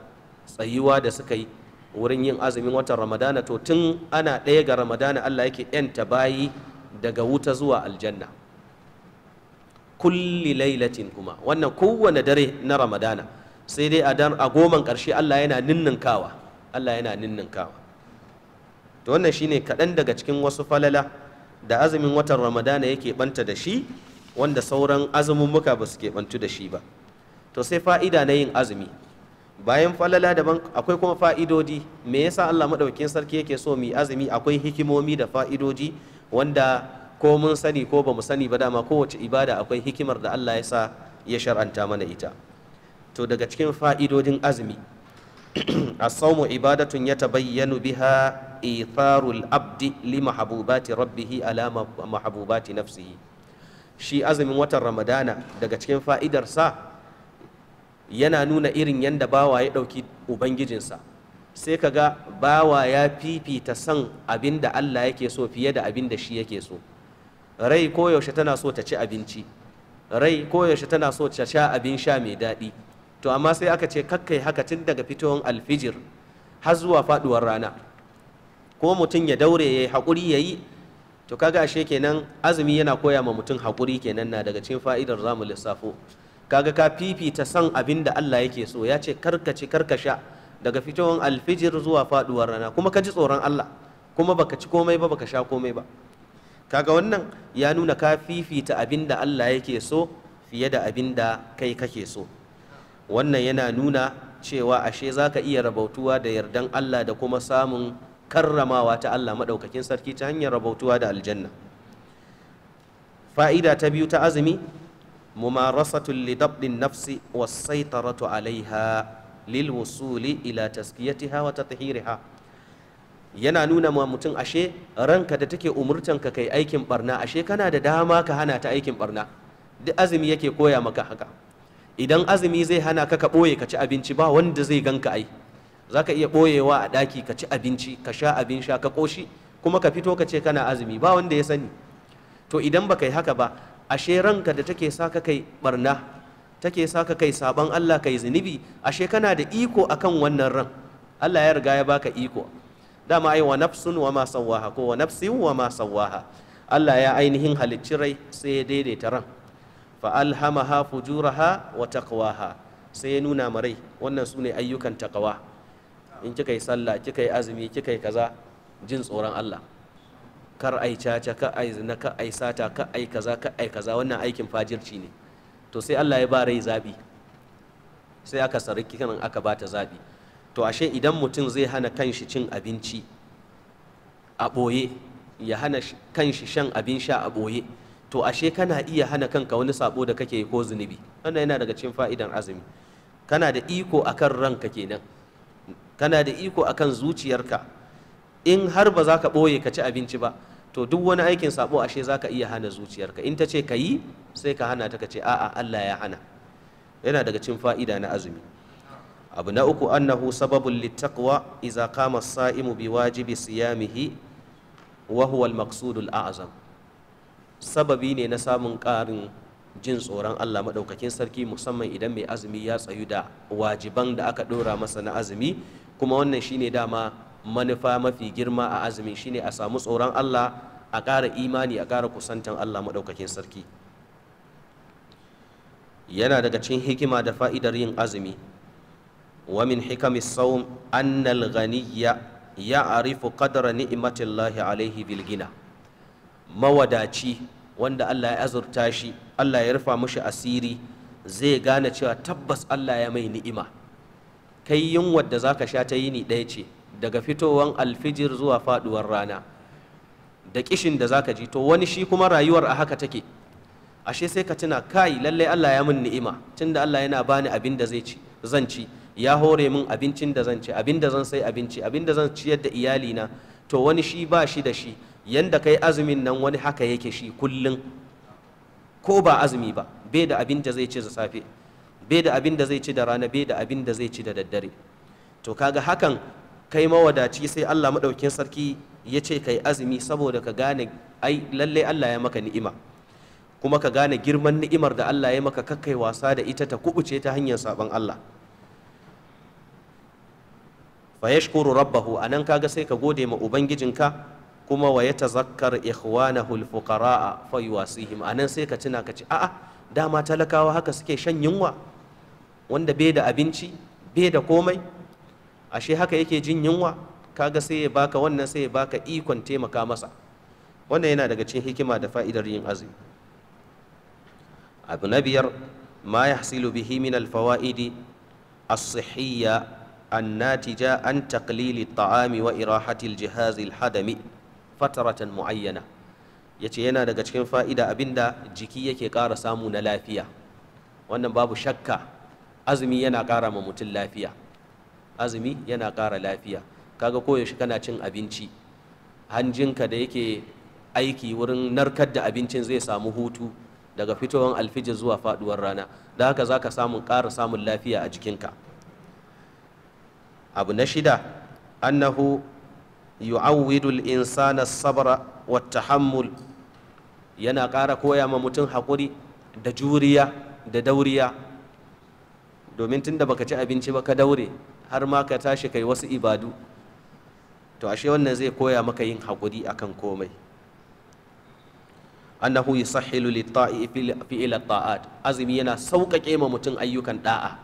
tsayuwa da suka yi wurin yin azumin watan ramadana to tun ana ɗaya ga ramadana Allah yake ‘yanta bayi daga wuta zuwa aljanna kulli lailatin kuma wannan kowane dare na ramadana sai dai a goman ƙarshe Allah yana ninninkawa Allah yana ninninkawa to wannan shine kaɗan daga cikin wasu falala da azumin watan ramadana yake banta da shi wanda sauran azumin muka ba su bantu da shi ba to sai fa'ida na yin azumi bayan falala daban akwai kuma fa'idodi me yasa Allah maɗaukin sarki yake so mu yi azumi akwai hikimomi da fa'idodi wanda ko mun sani ko ba mu sani ba dama kowace ibada akwai hikimar da Allah ya sa ya shar'anta mana ita to daga cikin fa'idodin azumi as-sawmu ibadatun yatabayyanu biha itharul abdi li mahabubati rabbihi ala mahabubati nafsihi shi azumin watan ramadana daga cikin fa'idarsa yana nuna irin yadda bawa ya ɗauki ubangijinsa sai ka ga bawa ya fifita san abin da Allah yake so fiye da abin da shi yake so rai koyaushe tana so ta ci abinci rai koyaushe tana so ta sha abin sha mai daɗi to amma sai aka ce kakkai haka tun daga fitowar alfijir har zuwa faɗuwar rana ko mutum ya daure ya yi haƙuri ya yi to kaga ashe kenan azumi yana koya ma mutum haƙuri kenan na daga cikin fa'idar zamu lissafo kaga ka fifita san abin da Allah yake so ya ce karkace karkasha daga fitowar alfijir zuwa faduwar rana kuma ka ji tsoron Allah kuma baka ci komai ba baka sha komai ba kaga wannan ya nuna ka fifita abin da Allah yake so fiye da abin da kai kake so wannan yana nuna cewa ashe zaka iya rabautuwa da yardan Allah da kuma samun karramawa ta Allah maɗaukakin sarki ta hanyar rabautuwa da aljanna fa'ida ta biyu ta azumi mumarasatul lidabdin nafsi wasaitaratu alaiha lil wusuli ila taskiyatiha wa tathiriha yana nuna ma mutum ashe ranka da take umurtan ka kai aikin barna ashe kana da dama ka hana ta aikin barna duk azumi yake koya maka haka idan azumi zai hana ka ka ɓoye ka ci abinci ba wanda zai ganka ai za ka iya ɓoyewa a ɗaki ka ci abinci ka sha abin sha ka ƙoshi kuma ka fito ka ce kana azumi ba wanda ya sani to idan baka yi haka ba ashe ranka da take sa ka kai barna take sa ka kai sabon Allah kai zunubi ashe kana da iko akan wannan ran Allah ya riga ya baka iko dama ai wa nafsun wa ma sawaha ko wa nafsin wa ma sawaha Allah ya ainihin halicci rai sai ya daidaita ran fa alhamaha fujuraha wa taqwaha sai ya nuna marai wannan sune ayyukan taqwa in kika yi sallah kika yi azumi kika yi kaza jin tsoron Allah kar ai caca kar ai zina kar ai sata kar ai kaza kar ai kaza wannan aikin fajirci ne to sai Allah ya ba rai zabi sai aka sarki kanan aka bata zabi to ashe idan mutum zai hana kanshi cin abinci a ɓoye ya hana kanshi shan abin sha a boye to ashe kana iya hana kanka wani sabo da kake ko zunubi wannan yana daga cikin fa'idan azumi kana da iko akan ranka kenan kana da iko akan zuciyarka in har ba za ka ɓoye ka ci abinci ba to duk wani aikin sabo ashe za ka iya hana zuciyarka in ta ce ka yi sai ka hana ta ka ce a'a Allah ya hana yana daga cin fa'ida na azumi abu na uku annahu sababun littaqwa idza qama as-sa'imu wajibi siyamihi wa huwa al al a'zam sababi ne na samun ƙarin jin tsoron Allah madaukakin sarki musamman idan mai azumi ya tsayu da wajiban da aka ɗora masa na azumi kuma wannan shine dama manufa mafi girma a azumi shine a samu tsoron Allah a ƙara imani a ƙara kusantan Allah maɗaukakin sarki yana daga cikin hikima da fa'idar yin azumi wa min hikami sawm annal ghaniya ya'rifu qadra ni'matillahi alaihi bil gina mawadaci wanda Allah ya azurta shi Allah ya rufa mashi asiri zai gane cewa tabbas Allah ya mai ni'ima kai yunwar da ka sha ta yini ɗaya ce daga fitowar alfijir zuwa faɗuwar rana da kishin da za ka ji to wani shi kuma rayuwar a haka take ashe sai ka tuna kai lallai Allah ya min ni'ima tunda Allah yana bani abin da zan ci ya hore min abincin da zan ci abin da zan sai abinci abin da zan ciyar da iyalina to wani shi ba shi da shi yanda kai azumin nan wani haka yake shi kullun ko ba azumi ba bai da abin da zai ci da safe bai da abin da zai ci da rana bai da abin da zai ci da daddare to kaga hakan kai mawadaci sai Allah maɗaukin sarki ya ce kai azumi saboda ka gane ai lalle Allah ya maka ni'ima kuma ka gane girman ni'imar da Allah ya maka kakkai wasa da ita ta kubuce ta hanyar saban Allah fa yashkuru rabbahu anan kaga sai ka gode ma ubangijinka kuma wa yatazakkar ikhwanahu alfuqaraa fa yuwasihim anan sai ka tuna ka ce a'a dama talakawa haka suke shan yunwa wanda bai da abinci bai da komai ashe haka yake jin yunwa kaga sai ya baka wannan sai ya baka ikon taimaka masa wannan yana daga cikin hikima da fa'idar yin azumi abu na biyar ma yahsilu bihi min alfawaidi as-sihhiyya an taklili an taqlili taami wa irahati al-jihaz hadami fataratan muayyana yace yana daga cikin fa'ida abinda jiki yake ƙara samu na lafiya wannan babu shakka azumi yana ƙara ma mutum lafiya azumi yana ƙara lafiya kaga koyaushe kana cin abinci hanjinka da yake aiki wurin narkar da abincin zai samu hutu daga fitowar alfijir zuwa faduwar rana da haka za ka samun ƙara samun lafiya a jikinka abu na shida annahu yu'awwidu al-insana sabra wa tahammul yana ƙara koya ma mutum haƙuri da juriya da dauriya domin tunda baka ci abinci ba ka daure har ma ka tashi kai wasu ibadu to ashe wannan zai koya maka yin haƙuri akan komai annahu yusahhilu lit-ta'i ila ta'at azumi yana sauƙaƙe ma mutum ayyukan da'a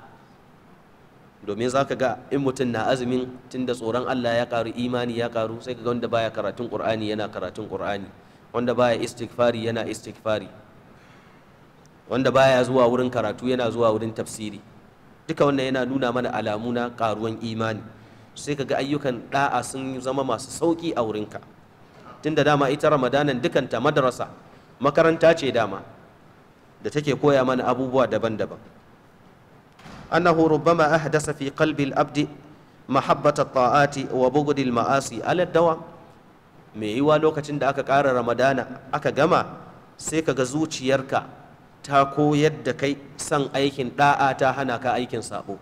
domin zaka ga in mutum na azumin tunda tsoron Allah ya karu imani ya karu sai ka ga wanda baya karatun Qur'ani yana karatun Qur'ani wanda baya istighfari yana istighfari wanda baya zuwa wurin karatu yana zuwa wurin tafsiri duka wannan yana nuna mana alamu na karuwan imani sai ka ga ayyukan da'a sun zama masu sauki a wurinka tunda dama ita ramadanan dukanta madarasa makaranta ce dama da take koya mana abubuwa daban-daban annahu rubbama ahdasa fi qalbi al-abdi mahabbata at-ta'ati wa bughd al-ma'asi ala dawa me yiwa lokacin da aka ƙara ramadana aka gama sai kaga zuciyarka ta koyar da kai son aikin da'a ta hana ka aikin sabo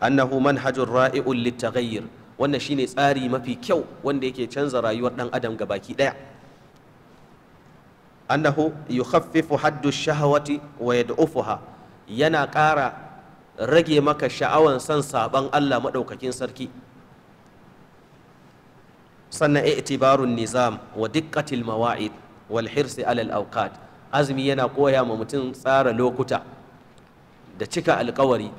annahu manhajur ra'i'un litaghayyir wannan shine tsari mafi kyau wanda yake canza rayuwar dan adam ga baki daya annahu yukhaffifu haddu shahawati wa yad'ufuha yana ƙara rage maka sha'awan son saban Allah madaukakin sarki sannan i'tibarun nizam wa diqqatil mawa'id wal hirsi alal awqat azumi yana koya ma mutum tsara lokuta da cika alkawari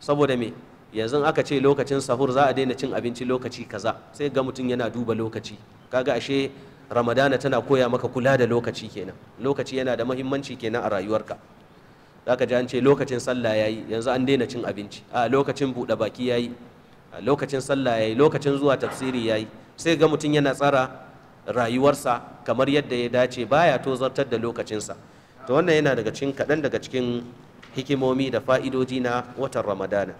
saboda me yanzu aka ce lokacin sahur za a daina cin abinci lokaci kaza sai ga mutum yana duba lokaci kaga ashe ramadana tana koya maka kula da lokaci kenan lokaci yana da mahimmanci kenan a rayuwarka zaka ji an ce lokacin sallah yayi yanzu an daina cin abinci a lokacin buɗe baki yayi lokacin sallah yayi lokacin zuwa tafsiri yayi sai ga mutum yana tsara rayuwarsa kamar yadda ya dace baya tozartar da lokacinsa to wannan yana daga cikin kaɗan daga cikin hikimomi da fa'idoji na watan ramadana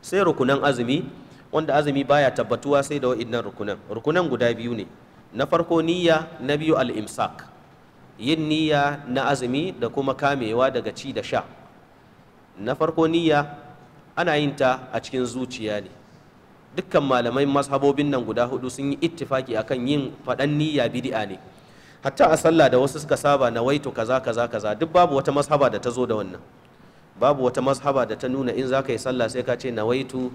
sai rukunan azumi wanda azumi baya tabbatuwa sai da wa'innan rukunan rukunan guda biyu ne na farko niyya na biyu al-imsak yin niyya na azumi da kuma kamewa daga ci da sha na farko niyya ana yin ta a cikin zuciya ne dukkan malamai mazhabobin nan guda hudu sun yi ittifaki akan yin faɗan niyya bid'a ne hatta a sallah da wasu suka saba na waito kaza kaza kaza duk babu wata mazhaba da ta zo da wannan babu wata mazhaba da ta nuna in zaka ka yi sallah sai ka ce na waitu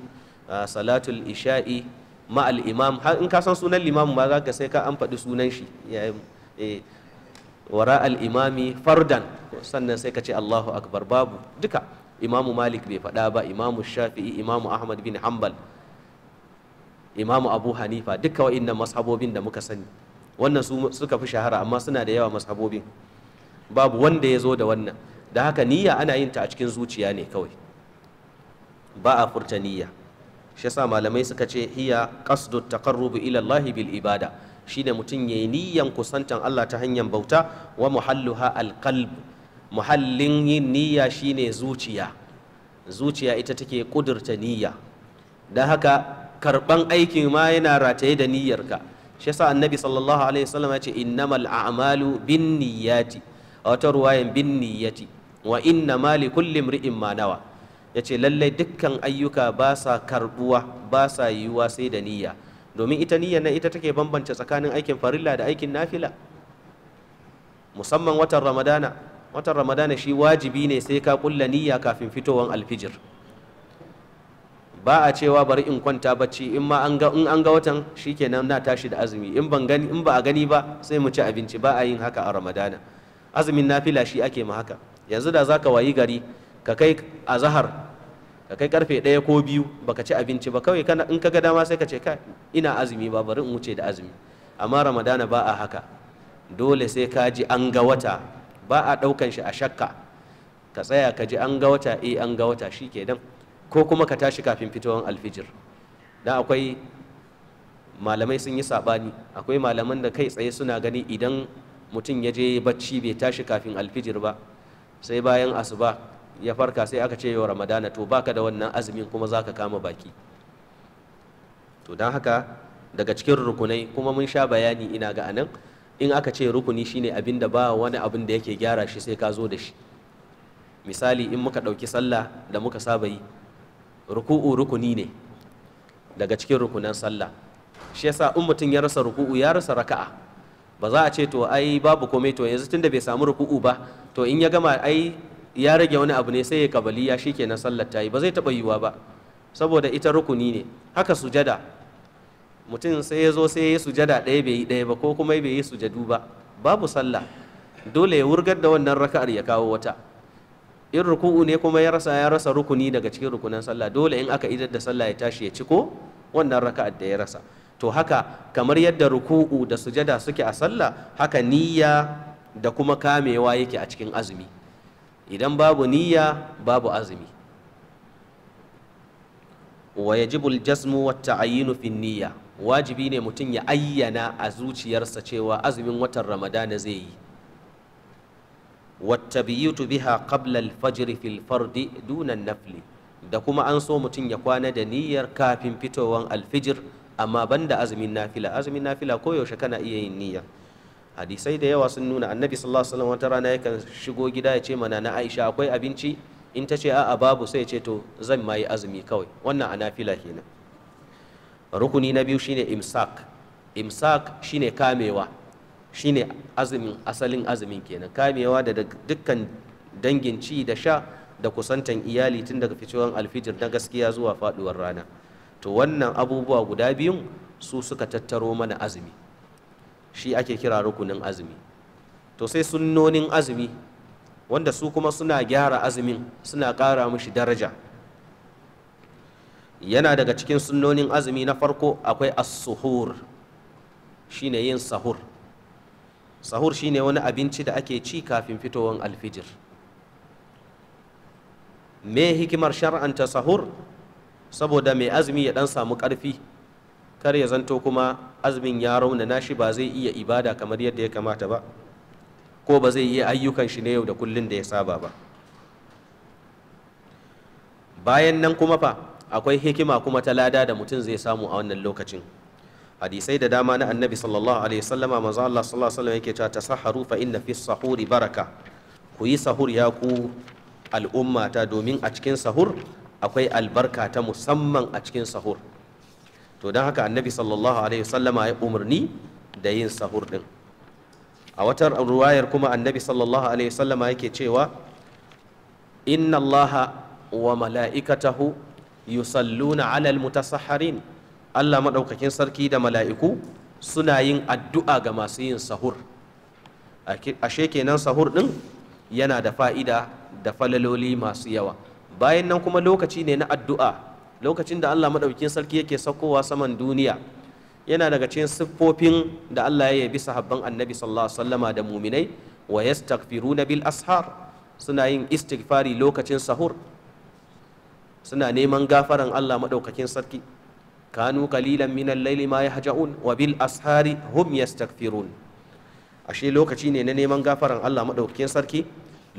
salatul isha'i ma'al imam har in ka san sunan limam ba za ka sai ka an faɗi sunan shi e, wara al imami fardan sannan sai ka ce allahu akbar babu duka imamu malik bai faɗa ba imamu shafi'i imamu ahmad bin hanbal imamu abu hanifa duka wa'innan masabobin da muka sani wannan suka fi shahara amma suna da yawa masabobin babu wanda ya zo da wannan da haka niyya ana yin ta a cikin zuciya ne kawai ba a furta niyya shi yasa malamai suka ce hiya qasdu taqarrubu ila Allah bil ibada shi shine mutum yayi niyyan kusantan Allah ta hanyar bauta wa muhalluha al qalb muhallin yin niyya shine zuciya zuciya ita take kudurta niyya dan haka karban aikin ma yana rataye da niyyarka shi yasa annabi sallallahu alaihi wasallam ya ce innamal a'malu bin niyyati a wata ruwayan bin niyyati wa inna ma li kulli imrin ma nawa yace lalle dukkan ayyuka ba sa karbuwa ba sa yiwuwa sai da niyya domin ita niyya nan ita take bambance tsakanin aikin farilla da aikin nafila musamman watan ramadana watan ramadana shi wajibi ne sai ka kulla niyya kafin fitowan alfijir ba a cewa bari in kwanta bacci in ma an ga in an ga watan shikenan na tashi da azumi in ban gani in ba a gani ba sai mu ci abinci ba a yin haka a ramadana azumin nafila shi ake ma haka yanzu da zaka wayi gari ka kai azahar ka kai karfe ɗaya ko biyu baka ci abinci ba kawai kana in ka ga dama sai ka ce ka ina azumi ba bari in wuce da azumi amma ramadana ba a haka dole sai ka ji an ga wata ba a ɗaukan shi a shakka ka tsaya ka ji an ga wata eh an ga wata shikenan ko kuma ka tashi kafin fitowar alfijir da akwai malamai sun yi saɓani akwai malaman da kai tsaye suna gani idan mutum ya je bacci bai tashi kafin alfijir ba sai bayan asuba ya farka sai aka ce yau ramadana to baka da wannan azumin kuma za ka kama baki to don haka daga cikin rukunai kuma mun sha bayani ina ga anan in aka ce rukuni shine abin da ba wani abin da yake gyara shi sai ka zo da shi misali in muka ɗauki sallah da muka saba yi ruku'u rukuni ne daga cikin rukunan sallah shi yasa in mutum ya rasa ruku'u ya rasa raka'a ba za a ce to ai babu komai to yanzu tunda bai samu ruku'u ba to in ya gama ai ya rage wani abu ne sai ya kabali kabaliya shikenan sallar yi ba zai taba yiwuwa ba saboda ita rukuni ne haka sujada mutum sai ya zo sai ya sujada ɗaya bai yi ɗaya ba ko kuma bai yi sujadu ba babu sallah dole ya wurgar da wannan raka'ar ya kawo wata in ruku'u ne kuma ya rasa ya rasa rukuni daga cikin rukunan sallah dole in aka idar da sallah ya tashi ya ci ko wannan raka'ar da ya rasa to haka kamar yadda ruku'u da sujada suke a sallah haka niyya da kuma kamewa yake a cikin azumi idan babu niyya babu azumi wa yajibu aljazmu wat ta'ayyunu fi niyya wajibi ne mutum ya ayyana a zuciyarsa cewa azumin watan ramadana zai yi wattabiyutu biha qabla al-fajr fil fardi duna nafli da kuma an so mutum ya kwana da niyyar kafin fitowan alfijir amma banda azumin nafila azumin nafila koyaushe kana iya yin niyya hadisai da yawa sun nuna annabi sallallahu alaihi wasallam wata rana yakan shigo gida ya ce mana na Aisha akwai abinci in ta ce a'a babu sai ya ce to zan ma yi azumi kawai wannan a nafila kenan rukuni na biyu shine imsak imsak shine kamewa shine azumin asalin azumin kenan kamewa da dukkan dangin ci da sha da kusantan iyali tun daga ficewar alfijir na gaskiya zuwa faduwar rana to wannan abubuwa guda biyun su suka tattaro mana azumi shi ake kira rukunin azumi to sai sunnonin azumi wanda su kuma suna gyara azumin suna ƙara mishi daraja yana daga cikin sunnonin azumi na farko akwai as-suhur shine yin sahur sahur shine wani abinci da ake ci kafin fitowar alfijir me hikimar shar'anta sahur saboda mai azumi ya dan samu karfi kar ya zanto kuma azumin ya rauna nashi ba zai iya ibada kamar yadda ya kamata ba ko ba zai iya ayyukan shi ne yau da kullun da ya saba ba bayan nan kuma fa akwai hikima kuma ta lada da mutum zai samu a wannan lokacin hadisai da dama na annabi sallallahu alaihi wasallama manzo Allah sallallahu alaihi wasallam yake cewa tasahharu fa inna fi sahuri baraka ku yi sahur ya ku al'umma ta domin a cikin sahur akwai albarka ta musamman a cikin sahur to don haka annabi sallallahu alaihi wasallama ya umarni da yin sahur din a wata ruwayar kuma annabi sallallahu alaihi wasallama yake cewa inna allaha wa mala'ikatahu yusalluna alal mutasahharin Allah maɗaukakin sarki da mala'iku suna yin addu'a ga masu yin sahur ashe kenan sahur ɗin yana da fa'ida da falaloli masu yawa bayan nan kuma lokaci ne na addu'a lokacin da Allah maɗaukakin sarki yake saukowa saman duniya yana daga cikin siffofin da Allah ya yabi sahabban annabi sallallahu alaihi wasallama da muminai wa yastaghfiruna bil ashar suna yin istighfari lokacin sahur suna neman gafaran Allah maɗaukakin sarki kanu kalilan minan al-layli ma yahja'un wa bil ashari hum yastaghfirun ashe lokaci ne na neman gafaran Allah madaukakin sarki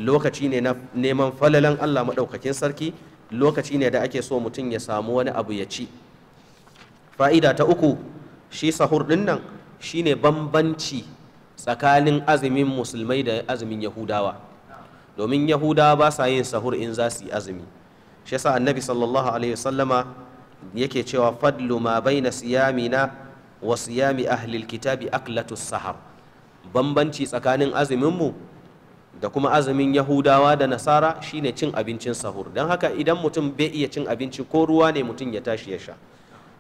lokaci ne na neman falalan Allah maɗaukakin sarki lokaci ne da ake so mutum ya samu wani abu ya ci fa'ida ta uku shi sahur din nan shine bambanci tsakanin azumin musulmai da azumin yahudawa domin yahudawa ba sa yin sahur in za su yi azumi shi annabi sallallahu alaihi wasallama yake cewa fadlu ma baina siyamina wa siyami ahlil kitabi aklatu sahar bambanci tsakanin azumin mu da kuma azumin yahudawa da nasara shine cin abincin sahur dan haka idan mutum bai iya cin abinci ko ruwa ne mutum ya tashi ya sha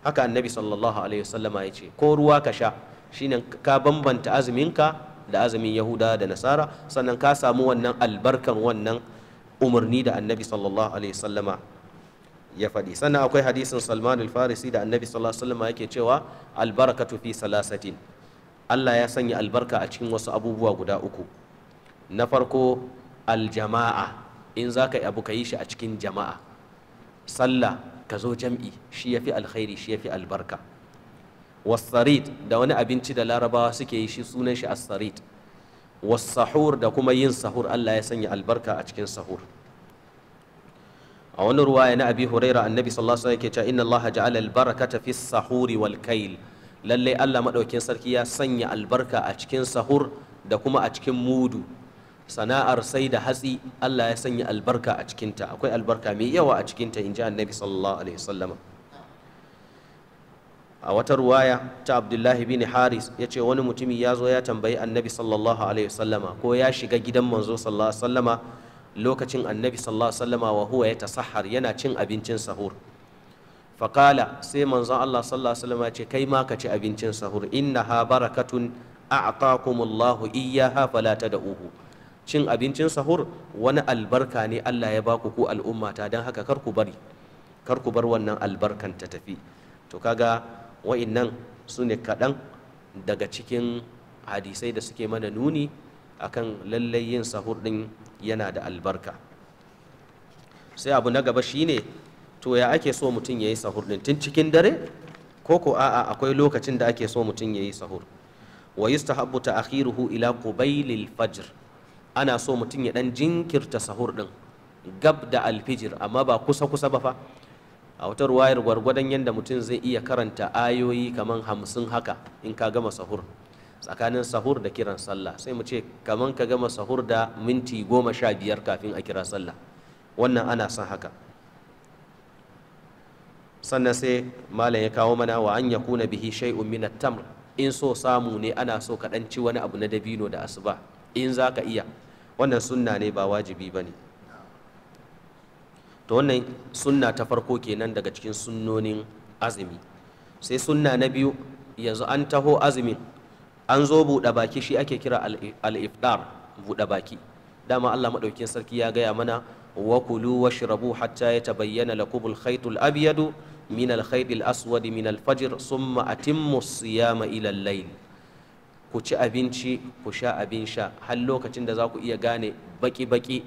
haka annabi sallallahu alaihi wasallama ya ce ko ruwa ka sha shine ka bambanta azuminka da azumin yahudawa da nasara sannan ka samu wannan albarkan wannan umarni da annabi sallallahu alaihi wasallama ya faɗi sannan akwai hadisin salman al-farisi da annabi sallallahu alaihi wasallam yake cewa albarakatu fi salasatin Allah ya sanya albarka a cikin wasu abubuwa guda uku na farko aljama'a in za ka yi abu ka yi shi a cikin jama'a sallah ka zo jam'i shi ya fi alkhairi shi ya fi albarka wasarid da wani abinci da larabawa suke yi shi sunan shi as-sarid sahur da kuma yin sahur Allah ya sanya albarka a cikin sahur a wani ruwaya na abi huraira annabi sallallahu alaihi wasallam yake cewa inna allaha ja'ala albarakata fi sahuri wal kail lalle Allah madaukin sarki ya sanya albarka a cikin sahur da kuma a cikin mudu sana'ar sai da hatsi Allah ya sanya albarka a cikinta akwai albarka mai yawa a cikinta in ji annabi sallallahu alaihi wasallama a wata ruwaya ta abdullahi bin haris ya ce wani mutumi ya zo ya tambayi annabi sallallahu alaihi wasallama ko ya shiga gidan manzo sallallahu alaihi wasallama lokacin annabi sallallahu alaihi wa huwa yana cin abincin sahur Fakala sai manzon Allah sallallahu alaihi wasallama ce kai ma ka ci abincin sahur innaha barakatun a'taakumullahu iyyaha fala tad'uhu cin abincin sahur wani albarka ne Allah ya baku ku al'ummata don haka kar ku bari kar ku bar wannan albarkan ta tafi to kaga wa'innan su ne kaɗan daga cikin hadisai da suke mana nuni akan lallai yin sahur ɗin yana da albarka sai abu na gaba shine to ya ake so mutum ya yi sahur ɗin tun cikin dare ko ko a'a akwai lokacin da ake so mutum ya yi sahur wa yustahabbu ta'khiruhu ila qubailil fajr ana so mutum ya ɗan jinkirta sahur ɗin gab da alfijir amma ba kusa kusa ba fa a wata ruwayar gwargwadon yadda mutum zai iya karanta ayoyi kamar hamsin haka in ka gama sahur tsakanin sahur da kiran sallah sai mu ce kaman ka gama sahur da minti goma sha biyar kafin a kira sallah wannan ana son haka sannan sai malam ya kawo mana wa an kuna bihi shay'un min at-tamr in so samu ne ana so ka ci wani abu na dabino da asuba in za ka iya wannan sunna ne ba wajibi ba ne to wannan sunna ta farko kenan daga cikin sunnonin azumi sai sunna na biyu yanzu an taho azumin an zo buɗe baki shi ake kira al-iftar buɗe baki dama Allah maɗaukin sarki ya gaya mana wa kulu washrabu hatta yatabayyana lakum al-khaytul abyadu min al-khaytil aswadi min al-fajr summa atimmu as-siyama ila al-layl ku ci abinci ku sha abin sha har lokacin da za ku iya gane baki-baki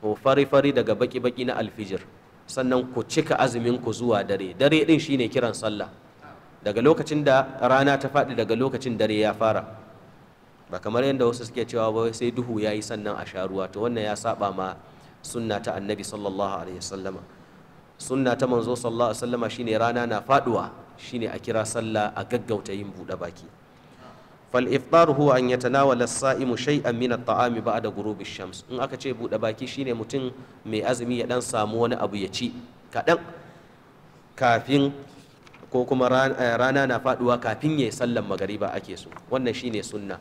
ko fari-fari daga baki-baki na alfijir sannan ku cika azumin ku zuwa dare dare din shine kiran sallah daga lokacin da rana ta faɗi daga lokacin dare ya fara ba kamar yadda wasu suke cewa ba sai duhu ya yi sannan a sha ruwa to wannan ya saba ma sunna ta annabi sallallahu alaihi wasallama sunna ta manzo sallallahu alaihi wasallama shine rana na faduwa shine a kira sallah a gaggauta yin buɗe baki fal iftar huwa an yatanawala as-sa'imu shay'an min at-ta'ami ba'da ghurubi shams in aka ce buɗe baki shine mutum mai azumi ya dan samu wani abu ya ci kaɗan kafin ko kuma eh, rana na faduwa kafin ya yi sallan magariba ake so wannan shine sunna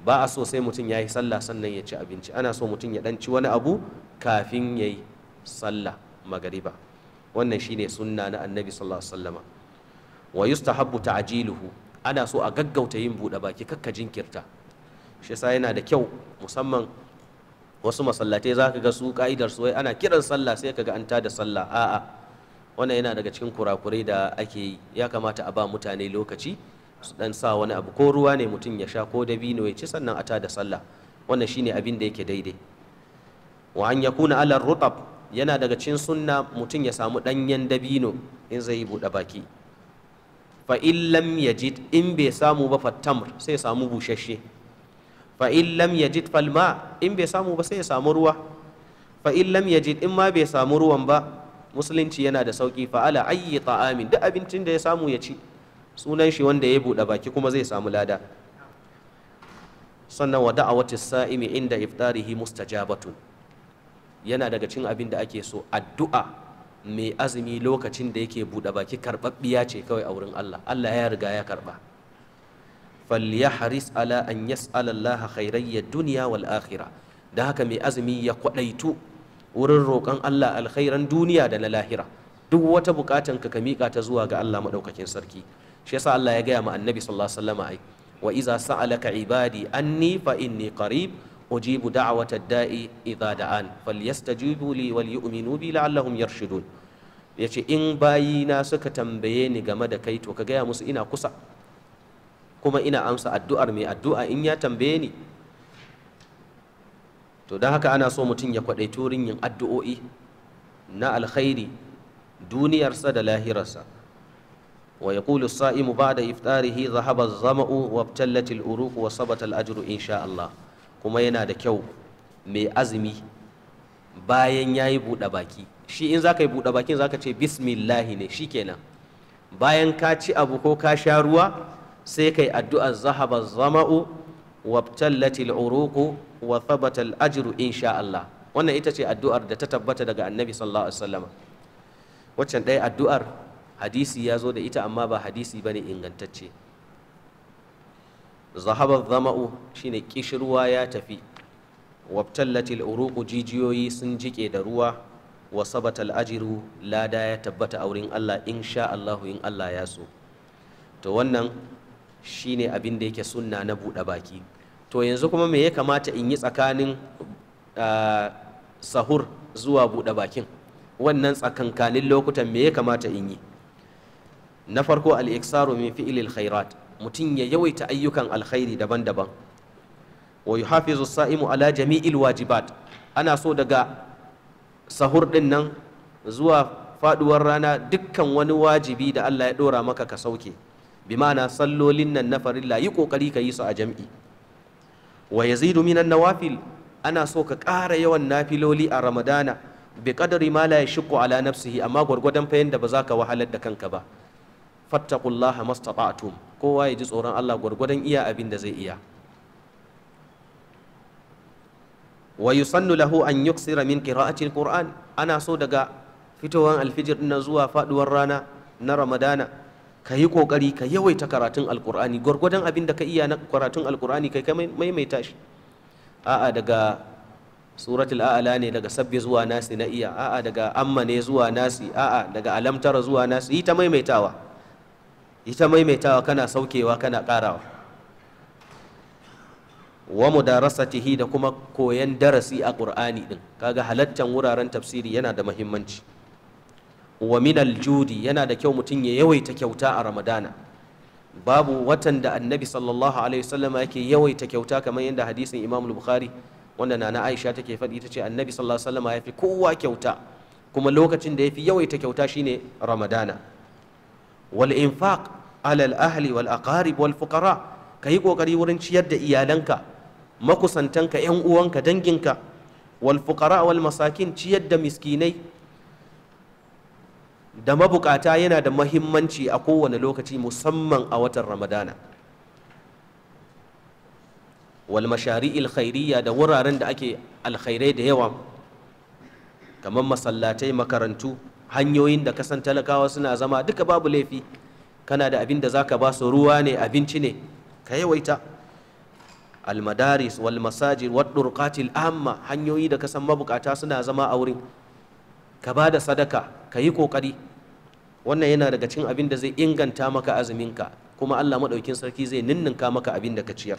ba a so sai mutum ya yi sallah sannan ya ci abinci ana so mutum ya dan ci wani abu kafin ya yi sallah magariba wannan shine sunna na annabi sallallahu alaihi ta'jiluhu ana so a gaggauta yin buɗe baki kakka jinkirta shi yasa yana da kyau musamman wasu masallatai za ka ga su ka'idar su wai ana kiran sallah sai ka an tada sallah a'a wannan yana daga cikin kurakurai da ake yi ya kamata a ba mutane lokaci su dan sa wani abu ko ruwa ne mutum ya sha ko dabino ya ci sannan a tada sallah wannan shine abin da yake daidai wa an yakuna ala rutab yana daga cikin sunna mutum ya samu danyen dabino in zai buɗe baki fa in lam yajid in bai samu ba fatamr sai ya samu bushashe fa in lam yajid falma in bai samu ba sai ya samu ruwa fa in lam yajid in ma bai samu ruwan ba musulunci yana da sauki fa'ala ayyi ta'amin duk abincin da ya samu ya ci sunan shi wanda ya buɗe baki kuma zai samu lada sannan wa da'awati sa'imi inda iftarihi mustajabatu yana daga cin abin da ake so addu'a mai azumi lokacin da yake buɗe baki karɓaɓɓiya ce kawai a wurin Allah Allah ya riga ya karɓa فليحرص على أن يسأل الله خيري الدنيا والآخرة ده mai مي أزمي kwaɗaitu. wurin roƙon Allah alkhairan duniya da na lahira duk wata bukatan ka ka miƙa ta zuwa ga Allah maɗaukakin sarki shi yasa Allah ya gaya mu annabi sallallahu alaihi wasallam ai wa iza sa'alaka ibadi anni fa inni qarib ujibu da'wata da'i idza da'an falyastajibu li wal yu'minu bi la'allahum yarshudun yace in bayina suka tambaye ni game da kai to ka gaya musu ina kusa kuma ina amsa addu'ar mai addu'a in ya tambaye ni to don haka ana so mutum ya kwaɗe turin yin addu'o'i na alkhairi duniyarsa da lahirarsa wa ya kulu sa'imu ba da iftarihi zahaba zama'u wa tallatil uruku wa sabatal ajru insha Allah kuma yana da kyau mai azumi bayan ya yi buɗe baki shi in za ka yi buɗe bakin za ka ce bismillahi ne shi kenan bayan ka ci abu ko ka sha ruwa sai ka yi addu'ar zahaba zama'u wa tallatil uruku wa thabata al-ajru insha Allah wannan ita ce addu'ar da ta tabbata daga annabi sallallahu alaihi wasallam waccan ɗaya addu'ar hadisi ya zo da ita amma ba hadisi bane ingantacce zahaba zama'u shine kishirwa ya tafi wabtallatil uruqu jijiyoyi sun jike da ruwa wa ajiru lada ya tabbata a wurin Allah insha Allah in Allah ya so to wannan shine abin da yake sunna na buɗe baki to yanzu kuma me ya kamata in yi tsakanin sahur zuwa buɗe bakin wannan tsakankanin lokutan me ya kamata in yi na farko al-iksaru min fi'ilil khairat mutum ya yawaita ayyukan alkhairi daban-daban wa yuhafizu sa'imu ala jami'il wajibat ana so daga sahur din nan zuwa faduwar rana dukkan wani wajibi da Allah ya dora maka ka sauke bi ma'ana sallolin nan na farilla yi kokari ka yi su a jam'i wa yazidu minan nawafil ana so ka ƙara yawan nafiloli a ramadana bi qadari ma la yashqu ala nafsihi amma gwargwadon fa yanda ba za ka wahalar da kanka ba fattaqullaha mastata'tum kowa ya ji tsoron Allah gwargwadon iya abin da zai iya wa yusannu lahu an yuksira min qira'atil qur'an ana so daga fitowar alfijir na zuwa faduwar rana na ramadana ka yi ƙoƙari ka yawaita karatun alƙur'ani gwargwadon abin da ka iya na karatun alƙur'ani kai ka maimaita shi a'a daga suratul a'ala ne daga sabbi zuwa nasi na iya a'a daga amma ne zuwa nasi a'a daga alamtara zuwa nasi yi ta maimaitawa yi ta maimaitawa kana saukewa kana ƙarawa wa mudarasatihi da kuma koyan darasi a ƙur'ani din kaga halattan wuraren tafsiri yana da muhimmanci wa minal judi yana da kyau mutum ya yawaita kyauta a ramadana babu watan da annabi sallallahu alaihi wasallam yake yawaita kyauta kamar yadda hadisin imam bukhari wanda nana aisha take faɗi ita ce annabi sallallahu alaihi wasallam ya fi kowa kyauta kuma lokacin da ya fi yawaita kyauta shine ramadana wal infaq alal ahli wal aqarib wal fuqara yi kokari wurin ciyar da iyalanka makusantanka yan uwanka danginka wal fuqara wal masakin ciyar da miskinai da mabukata yana da mahimmanci a kowane lokaci musamman a watan ramadana wal mashari'il khairiyya da wuraren da ake alkhairai da yawa kamar masallatai makarantu hanyoyin da kasan talakawa suna zama duka babu laifi kana da abin da zaka ba su ruwa ne abinci ne ka yawaita almadaris wal masajid wad durqatil amma hanyoyi da kasan mabukata suna zama a wurin ka ba da sadaka ka yi ƙoƙari wannan yana daga cikin abin da zai inganta maka azuminka kuma Allah maɗaukin sarki zai ninninka maka abin da ka ciyar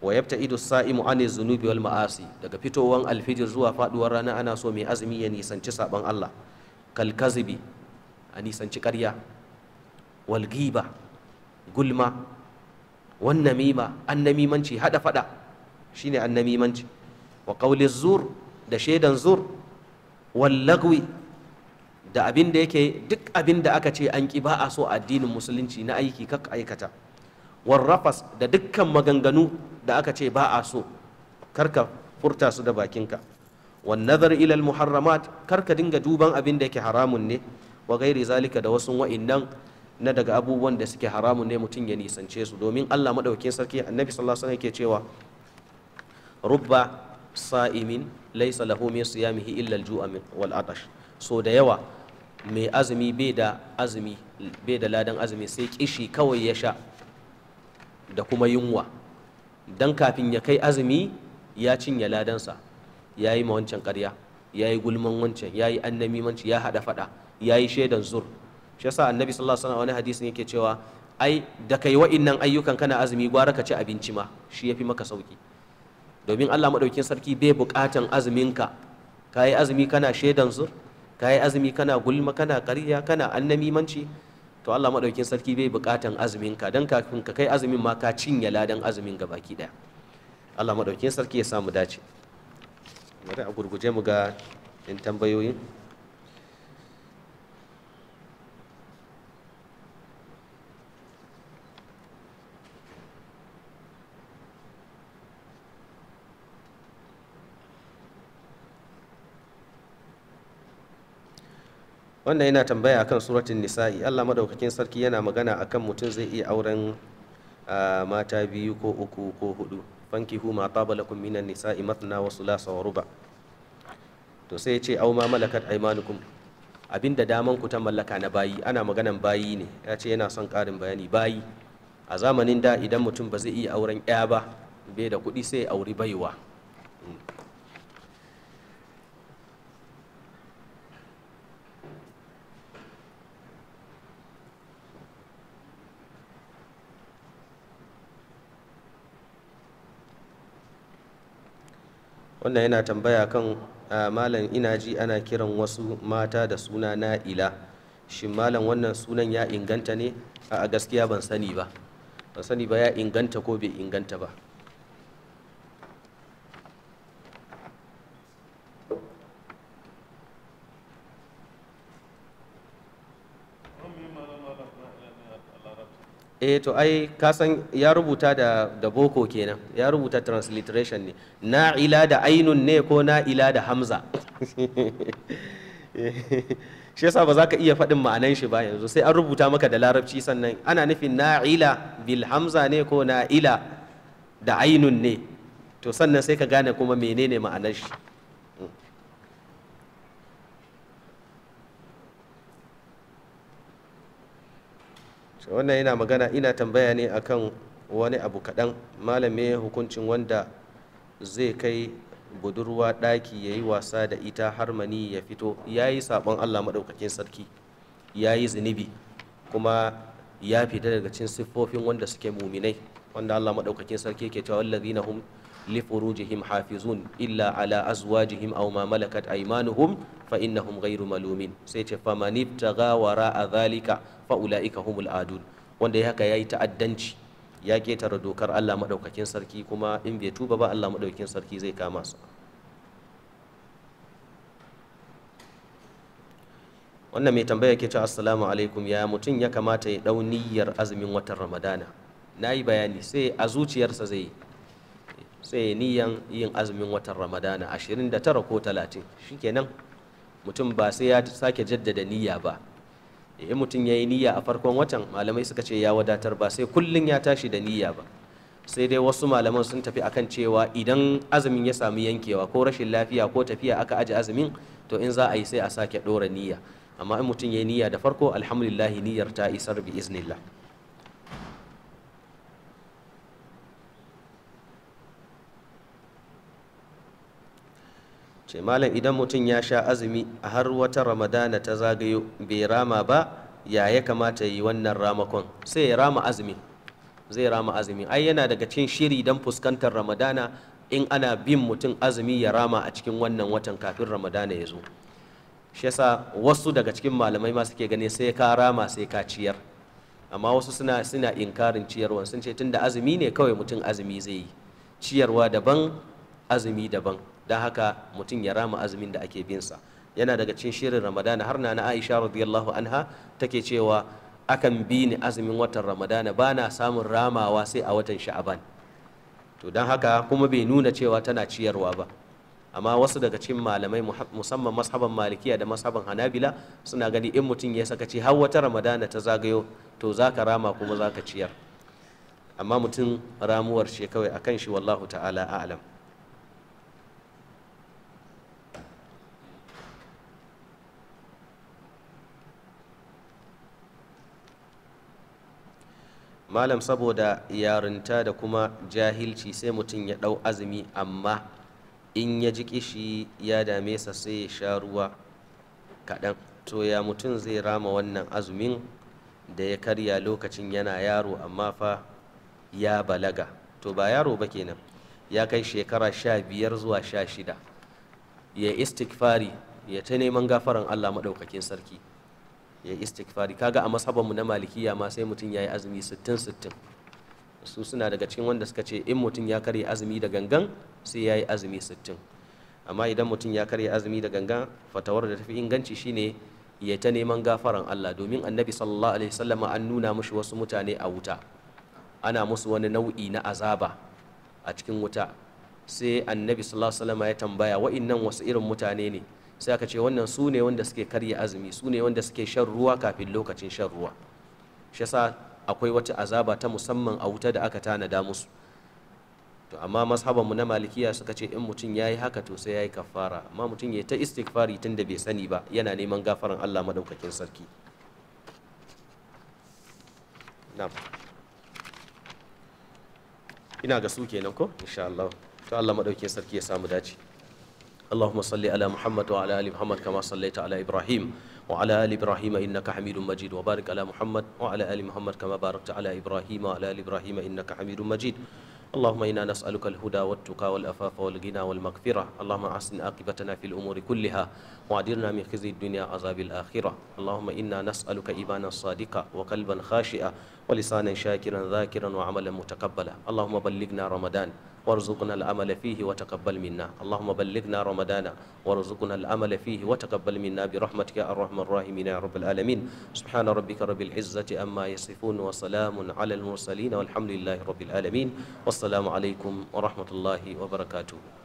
wa yabta idu sa'imu ane zunubi wal ma'asi daga fitowar alfijir zuwa faduwar rana ana so mai azumi ya nisanci saban Allah kal a nisanci karya wal giba gulma wan namima an hada fada shine an wa qawli zur da shaidan zur wallagwi da abin da yake duk abin da aka ce an ki ba a so addinin musulunci na aiki kak aikata warrafas da dukkan maganganu da aka ce ba a so karka furta su da bakinka wan nazar ilal muharramat karka dinga duban abin da yake haramun ne wa gairi zalika da wasu nan na daga abubuwan da suke haramun ne mutum ya nisance su domin Allah madaukakin sarki annabi sallallahu alaihi wasallam yake cewa rubba sa'imin laisa lahu min siyamihi illa al-ju'a wal atash so da yawa mai azumi bai da azumi bai da ladan azumi sai kishi kawai ya sha da kuma yunwa dan kafin ya kai azumi ya cinye ladansa ya yi wancan ƙarya ya yi gulman wancan ya yi annamimanci ya haɗa faɗa ya yi shaidan zur shi yasa annabi sallallahu alaihi wasallam wani hadisin yake cewa ai da kai wa'innan ayyukan kana azumi gwara ka ci abinci ma shi yafi maka sauki domin Allah maɗaukin sarki bai buƙatan azuminka ka yi azumi kana shaidan zur ka yi azumi kana gulma kana ƙarya kana annamimanci to Allah maɗaukin sarki bai buƙatan azuminka don kafin ka kai azumin ma ka cinye ladan azumin ga baki ɗaya Allah maɗaukin sarki ya samu dace bari a gurguje mu ga in tambayoyin wannan yana tambaya akan suratun nisa'i Allah madaukakin sarki yana magana akan mutum zai iya auren mata biyu ko uku ko hudu hu ma taba lakum minan nisa'i matna wa sulasa wa ruba to sai ya ce au ma malakat aymanukum abinda daman ku ta mallaka na bayi ana maganan bayi ne ya ce yana son karin bayani bayi a zamanin da idan mutum ba zai iya auren ya ba bai da kuɗi sai auri baiwa hmm. wannan yana tambaya kan malam ina ji ana kiran wasu mata da suna na'ila shi malam wannan sunan ya inganta ne a gaskiya ban sani ba ban sani ba ya inganta ko bai inganta ba eh to ai ka san ya rubuta da da boko kenan ya rubuta transliteration ne na ila da ainun ne ko na ila da hamza shi yasa ba za ka iya faɗin ma'anan shi ba yanzu sai an rubuta maka da larabci sannan ana nufin na'ila bil hamza ne ko na ila da ainun ne to sannan sai ka gane kuma menene ma'anar shi wannan yana magana ina tambaya ne akan wani abu kaɗan malame hukuncin wanda zai kai budurwa ɗaki ya yi wasa da ita har mani ya fito ya yi saɓon allah maɗaukakin sarki ya yi zunubi kuma ya fita daga cin siffofin wanda suke muminai wanda allah maɗaukakin sarki ke cewa wallazina hum li furujihim hafizun illa ala azwajihim aw ma malakat aymanuhum fa innahum gairu malumin sai ce faman ibtagha wara zalika fa ulaika humul adun wanda ya haka yayi ta'addanci ya ketare dokar Allah maɗaukakin sarki kuma in bai tuba ba Allah madaukakin sarki zai kama su wannan mai tambaya ke cewa assalamu alaikum ya mutum ya kamata ya dau niyyar azumin watan ramadana na yi bayani sai a zuciyarsa zai yi sai niyan yin azumin watan ramadana 29 ko 30 shikenan mutum ba sai ya sake jaddada niyya ba eh mutum ya yi niyya a farkon watan malamai suka ce ya wadatar ba sai kullum ya tashi da niyya ba sai dai wasu malaman sun tafi akan cewa idan azumin ya samu yankewa ko rashin lafiya ko tafiya aka aji azumin to in za a yi sai a sake ɗora niyya amma in mutum ya yi niyya da farko alhamdulillah niyyar ta isar bi iznillah ce malam idan mutum ya sha azumi a har wata ramadana ta zagayo bai rama ba ya ya kamata yi wannan ramakon sai ya rama azumi zai rama azumi ai yana daga cikin shiri don fuskantar ramadana in ana bin mutum azumi ya rama a cikin wannan watan kafin ramadana ya zo shi yasa wasu daga cikin malamai ma suke gani sai ka rama sai ka ciyar amma wasu suna suna inkarin ciyarwa sun ce tunda azumi ne kawai mutum azumi zai yi ciyarwa daban azumi daban don haka mutum ya rama azumin da ake binsa yana daga cikin shirin ramadana har na aisha radiyallahu anha take cewa akan bi ni azumin watan ramadana ba na samun ramawa sai a watan sha'aban to don haka kuma bai nuna cewa tana ciyarwa ba amma wasu daga cikin malamai musamman mashaban malikiya da mashaban hanabila suna gani in mutum ya sakaci har wata ramadana ta zagayo to za ka rama kuma za ka ciyar amma mutum ramuwar shi kawai akan shi wallahu ta'ala a'lam malam saboda yarinta da kuma jahilci sai mutum ya ɗau azumi amma in ya ji kishi ya dame sa sai ya sha ruwa kaɗan to ya mutum zai rama wannan azumin da ya karya lokacin yana yaro amma fa ya balaga to ba yaro ba kenan ya kai shekara sha biyar zuwa sha shida ya istikfari ya ta neman gafaran allah maɗaukakin sarki ya istighfari kaga a masaban mu na malikiya ma sai mutum yayi azumi 60 60 su suna daga cikin wanda suka ce in mutum ya karya azumi da gangan sai yayi azumi 60 amma idan mutum ya karya azumi da gangan fatawar da tafi inganci shine ya ta neman gafaran Allah domin annabi sallallahu alaihi wasallam an nuna mushi wasu mutane a wuta ana musu wani nau'i na azaba a cikin wuta sai annabi sallallahu alaihi wasallam ya tambaya wa'innan wasu irin mutane ne sai aka ce wannan su ne wanda suke karya azumi su ne wanda suke shan ruwa kafin lokacin shan ruwa shi yasa akwai wata azaba ta musamman a wuta da aka tanada musu to amma mashaban mu na malikiya suka ce in mutum yayi haka to sai yayi kafara amma mutum yayi ta istighfari tun da bai sani ba yana neman gafaran Allah madaukakin sarki ina ga su kenan ko insha Allah to Allah madaukakin sarki ya samu dace اللهم صل على محمد وعلى ال محمد كما صليت على ابراهيم وعلى ال ابراهيم انك حميد مجيد وبارك على محمد وعلى ال محمد كما باركت على ابراهيم وعلى ال ابراهيم انك حميد مجيد اللهم إنا نسألك الهدى والتقى والأفاف والغنى والمغفرة اللهم أحسن عاقبتنا في الأمور كلها وأعذرنا من خزي الدنيا عذاب الآخرة اللهم إنا نسألك إيمانا صادقا وقلبا خاشئا ولسانا شاكرا ذاكرا وعملا متقبلا اللهم بلغنا رمضان وارزقنا العمل فيه وتقبل منا اللهم بلغنا رمضان وارزقنا العمل فيه وتقبل منا برحمتك يا ارحم الراحمين يا رب العالمين سبحان ربك رب العزه أما يصفون وسلام على المرسلين والحمد لله رب العالمين والسلام عليكم ورحمه الله وبركاته